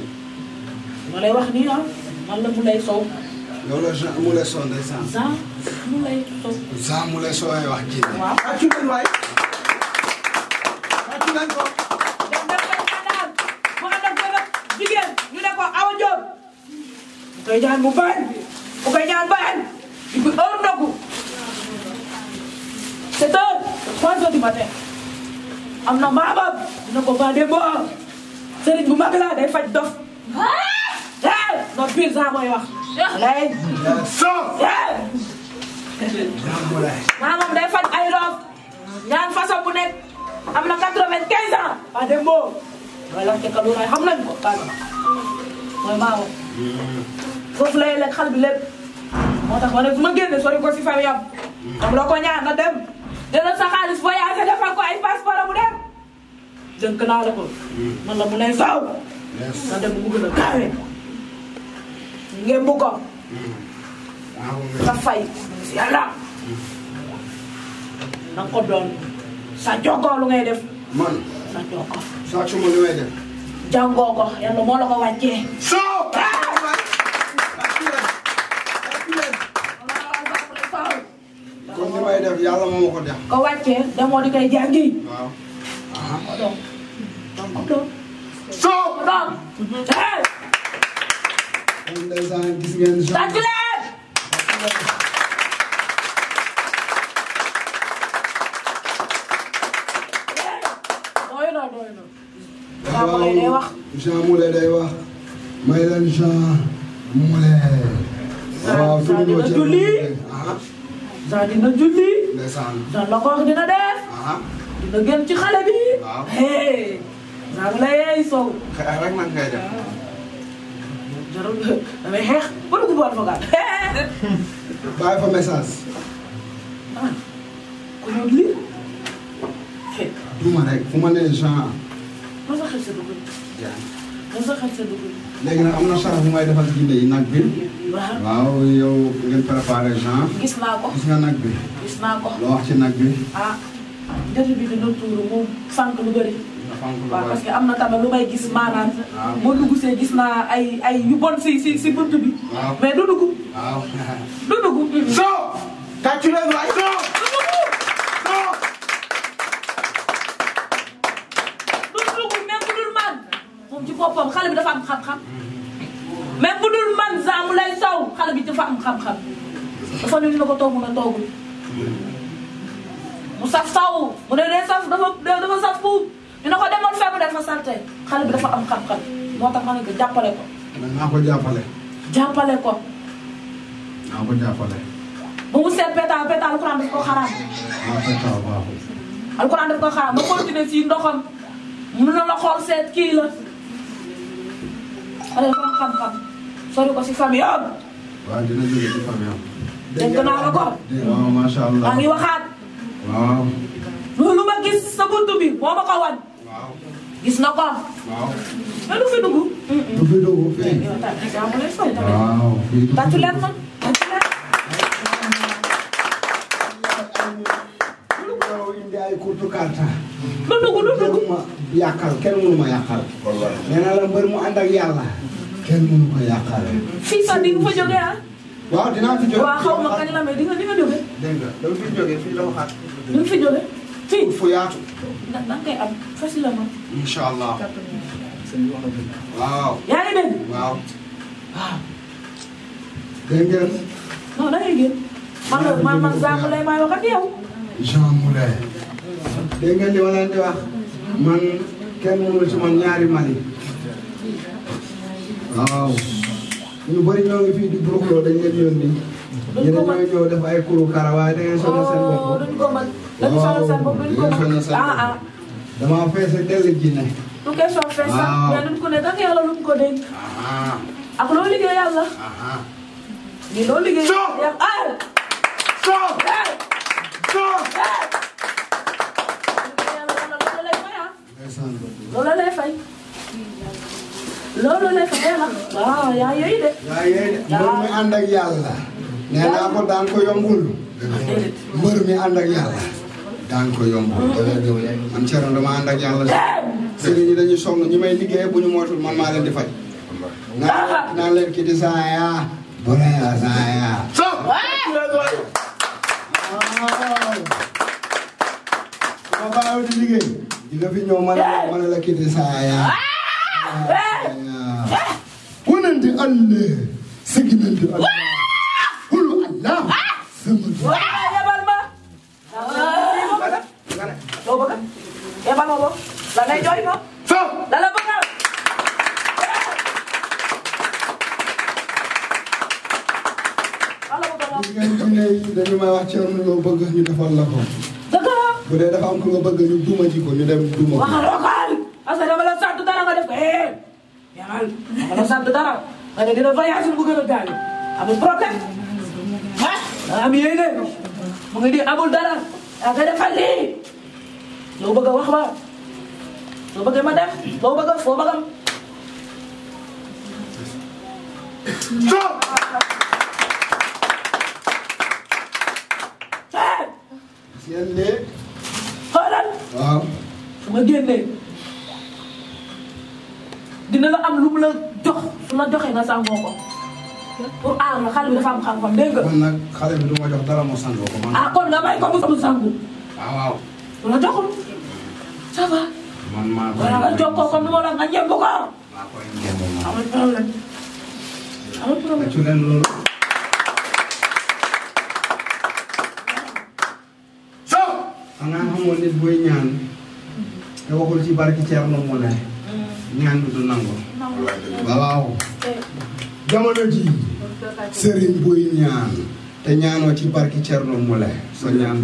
ma lay wax nii ah man la mu lay sow. loolu la Jean mu lay sow ndeysaan. Jean mu lay sow. Jean mu lay sow ay wax ji. waaw wàccu leen waay. wàccu leen ko. dem dem koy xandaal mu ànd ak benn jigéen ñu ne ko Awa Diop. mu koy ñaan mu bañ. mu koy ñaan bañ. di ko heure ndogu. c'est heure trois heures du matin. am na maamam dina ko faa déggoo sëriñ bu mag day faj dof. ah non pire saa mooy maamam day faj ay dof ñaan façon bu nekk am na quatre-vingt-quinze ans. faa déggoo. mooy laajte kaddu raay xam nañu ko kaddu lay lekk moo tax ma ne su génne sori ko si famille am. am na dem. dana sa xaalis voyage defal ko ay passeport mu dem. jënk naa la hmm. man la mu ne faaw. dem mu gën a gaawee. ngeen bu ko. Hmm. Hmm. na ko doon sa jokkoo lu ngay def. sa jokkoo. saa su ma lu may def. ko yàlla moo la ko wàccee. soo. Ah! koy def yàlla moo ma ko def. ko wàccee demoo di koy jàngi. waaw. ah donc. donc. soo. donc. kon ndeysaan gis ngeen. tàcc leen. doy na doy na. Jean Moulé day wax. Jean Moulé day wax. may leen Jean Moulé. waaw fi mu sa dina julli. ndeysaan Jean la ko wax dina def. dina gën ci xale bi. waaw hey. Jean la yeey sow. rek man kay def. jarul damay xeex ba dugg bu message. ah ku ñëw lii. fekk. duma rek fu ma nee Jean. mos a xel sa dugub. yaa ngi. mos a xel sa dugub. léegi nag am na sarax bu may defal jinne yi nag bi. waaw yow ngeen préparé gis naa ko gis nag bi. gis naa ko loo ci nag bi. ah jënd bi dina tuuru mu fànq lu bëri. waaw am na tamit lu may gis maanaam. waaw boo dugg gis naa ay ay si si si bunt bi. mais du dugg. waaw boppam xale bi dafa am xam-xam mais bu man Zamou Lay Sow xale bi dafa am xam-xam dafa nuyu na a toogul mu saf saw mu ne dee saf dafa dafa saf puub ñu ne ko demoon fee mu ne dafa salte xale bi dafa am xam-xam moo tax ma ne ko jàppale ko. naa ko jàppale. ko. naa ko jàppale. ba mu seet pétaw pétaw alxuraan daf ko xaraam. waaw pétaw waaw. alxuraan daf ko xaraam ba continuer ci ndoxam mun na la xool seet kii la. xale ba xam-xam sori ko si famille am. waaw dina jóge si famille am. dégg naa la ko. waaw macha allah maa ngi waxaat. waaw. loolu ma gis sa buntu bi moo ma ko wan. waaw. gis na ko. waaw. mais lu fi dugg. lu fi dugg fii. waaw. tàccu leen ma tàccu leen. lu dugg lu dugg. yàqal kenn mënu ma yàqal. wallaahi nee naa la mbër mu ànd ak kenn mënu ma yàqal. fii sax di nga fa jógee ah. waaw dinaa fi jógee. waaw xaw ma kañ la di nga di nga di nga fi jógee. fii fu yaatu. ndax da nga koy am facilement. allah. waaw. yaa ngi dégg. waaw. waaw. dégg man man man Jean Moulay maay wax ak yow. Jean Moulay. dégg ngeen li ma leen di wax. man kenn mënul ci man ñaari Mali waaw ñu bëri ñoo ngi fii di buruxloo dañ leen yónni ñu ne ñooy ñëw def ay kuru kara waaye da ngeen sonal seen bopp oh, waaw ngeen sonal seen bopp ah, ah. damaa feese dell ji ne du question fees sax mais luñ ko ne ak yàlla luñ ko dénk ah, ak loo liggéey yàlla ni loo liggéey yàlla so so so loolu lay fay. loolu lay fay yàlla waaw yaa yooyu de. yaa yooyu de mbër mi ànd ak yàlla. nee naa ko daan ko yombul. mbër mi ànd ak yàlla. daan ko yombul. Mm. man Thierno dama ànd ak yàlla. Eh! sëriñ ñi dañuy song ñi may liggéey bu ñu moytul man maa leen di faj. naan ah! naan leen kii di saa yaa. bu la yaa saa yaa. waaw. ma bàyyiwul di liggéey. di nga fi ñëw ma la ma saa yaa. wonante ah! ah, ah! Allah siginante Allah. kulu Allah. yebal ma. doo yebal ma boobu. lan jooy ma. soo. lan la bëgg a. li ngeen la ko. bu dee dafa am ku nga bëgg ñu duma ji ko ñu dem duma. waxal waxal parce que dama la sant dara nga def ko eh. yàlla dama la sant dara nga ne dina voyage bu gën a gaaw amul problème ah am yéene mu ngi di amul dara ah nga defal lii loo bëgg a wax ba loo bëgg ma def loo bëgg a foo bëgg a. Eh! yéen de. xoolal. waaw su ma génnee dina am lu mu la jox a la joxee nga sangoo ko pour aar la xale bi dafa am xam-xam dégg nga. kon nag xale bi du ko ah, nga may ko mu sangu. waaw waaw. du la joxul man maa koy nga jox ko comme ni ma nga ñebe ko. maa koy ñebe ma amul problème amul problème. nit buy ñaan te waxul ci barki Thierno Moule mm. ñaan du nangu waaw jamono ji sëriñ buy ñaan te ñaanoo ci barki Thierno Moule soo ñaan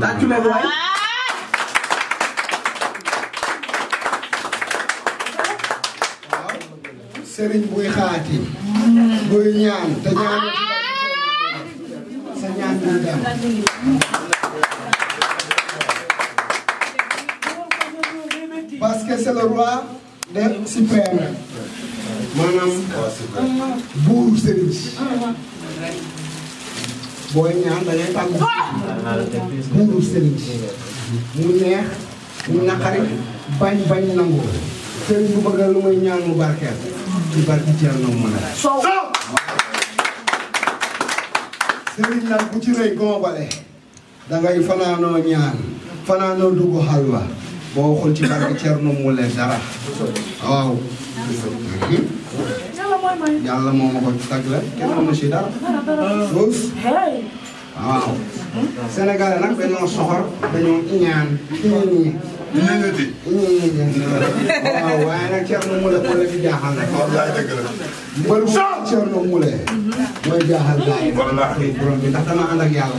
sëriñ mm. buy ñaan te ñaan que c'est le roi des suprêmes maanaam buur sëriñ booy ñaan dañuy bañ bañ nangu sëriñ bu bëgg lu may ñaan mu barkeel ci barki Thierno Moulay Sow sëriñ nag bu ci rëy gombale da ngay fanaanoo ñaan fanaanoo dugg xalwa boo waxul ci barke Thierno Moule dara waaw. yàlla moo ma ko tàggal kenn mënu si dara. suuf waaw. Sénégal nag dañoo soxor dañoo ñaan ñii ñii. waaw waaye nag Thierno Moule moo la fi jaaxal nag. wallaay dëgg la. mbër bu Thierno Moule. mooy jaaxal gars yi. borom bi ndax dama ànd ak yàlla.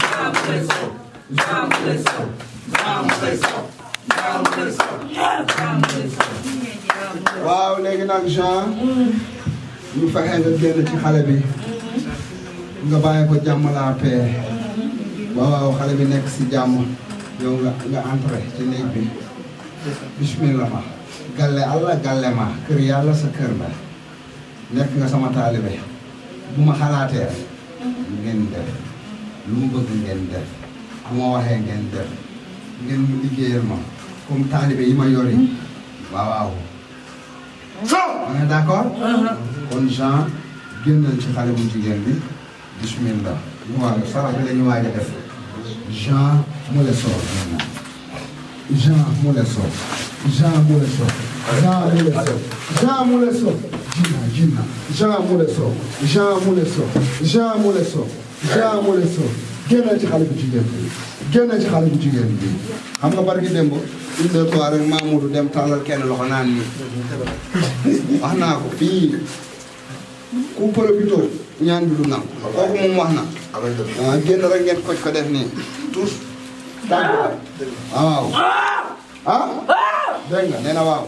Vamos, waaw léegi nag Jean ñu fexe nga génn ci xale bi nga bàyyi jàmm laa paix waaw xale bi nekk si jàmm yow nga nga entré ci néeg bi bismillah galle allah galle ma kër yàlla sa kër la nekk nga sama taalibe bu ma xalaatee ngeen def lu mu bëgg ngeen def bu waxee ngeen def ngeen mu liggéeyal taalibe yi ma yori waaw waaw. on est d'accord. Uh-huh. kon Jean ci xale bu jigéen bi bismillah. ñu waaj sarax bi la ñu waaj a def. mu la soor. mu la soor. mu la soor. mu la soor. mu la soor. mu la soor. mu la soor. mu la jaamu leen soo génnal ci xale bu jigéen bi génnal ci xale bu jigéen bi xam nga barki démb une deux trois rek Mamadou dem tàllal kenn loxo naan nii wax naa ko fii ku profitoo ñaan bi du nangu kooku moom wax na ah génn rek ngeen koj ko def nii tous waaw ah dégg nga nee na waaw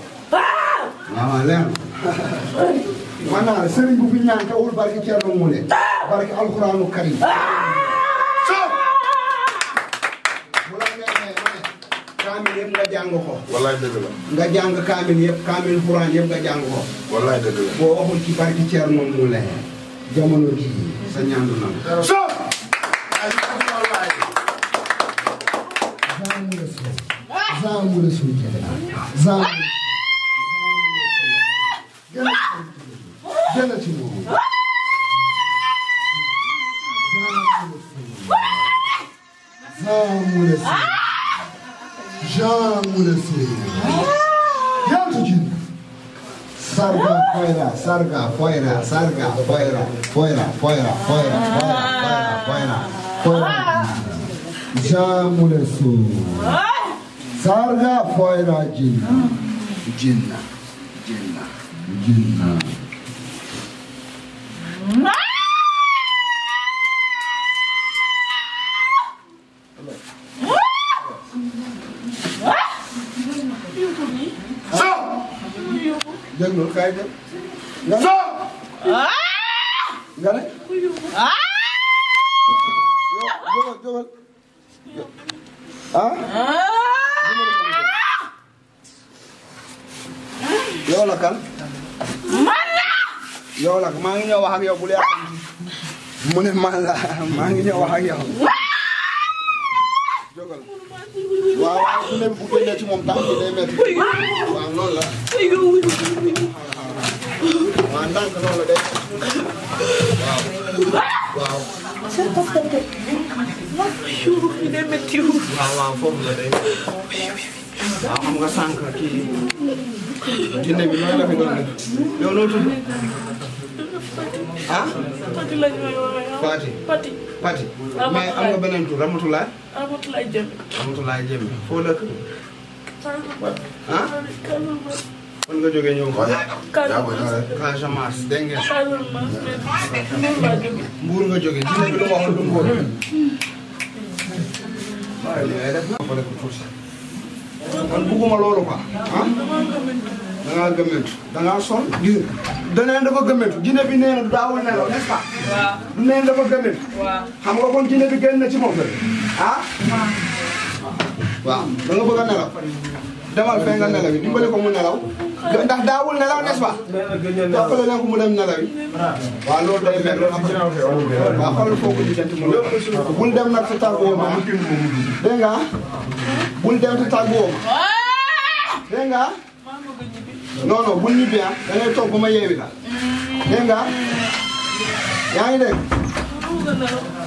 waaw leer na maanaam sëriñ bu fi ñaan tawul barki Thierno Moule barke alxuraanu karim. Ah! soo. la neexee kaamil yëpp nga jàng ko. wallaay dëgg la. nga jàng kaamil yëpp kaamil xuraan yëpp nga jàng ko. wallaay dëgg la. boo waxul ci barki ceer moom mu leen. jamono jii sa ñaandu na. soo. zaa mu la suuf mu la suuf jangulasiri yanzu jin sarga foira sarga foira sarga foira foira foira foira foira foira foira jangulesu sarga foira jinna jinna jinna jinna kaay dem. nga ne nga ne. jógal jógal ah. yow la kan. man la. yow la maa ngi ñëw wax ak yow bu leer. mu ne man la maa ngi ñëw wax ak yow. jógal waaw waaw su ne bu génnee ci moom tànk bi day métti waaw noonu la. waaw ndànk noonu la de waaw. waaw. c'est parce que waaw waaw foofu la de fi doon yow noo tudd ah. Fati lañ may am nga beneen tur Ramatulaay. Ramatulaay Jëmbe. Ramatulaay Jëmbe foo dëkk. ah. mën nga jógee ñëw. Casamance dégg ngeen. nga jógee ci li ma ko def tuuti. man bugguma loolu quoi ah. da ngaa gëmmentu da ngaa sonn bi nee na daawul nelaw n'est-ce pas. waaw du neen dafa gëmmentu. xam nga kon jinne bi génn na ci moom la ah. waaw da bëgg a nelaw. demal fee nga nelawi dimbali ko mu nelaw ndax daawul nelaw n'est-ce pas jàppale leen ko mu dem nelawi waaw loolu day mel waaw xoolal foofu di jant mu bul dem nag sa tàggoo ma dégg nga bul dem sa tàggoo ma dégg nga non non bul ñibbi ah toog ba ma yeewi la dégg yaa ngi dégg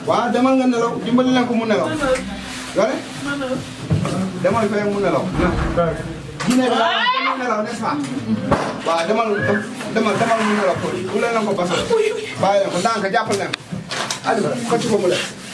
waaw demal nga nelaw dimbali leen ko mu nelaw nga demal fee mu nelaw. dinañ la demal nelaw n'est-ce pas. waaw demal demal demal mu nelaw ko bu leen ko basal. bàyyi leen ko ndànk leen. Aliou xëcc ko mu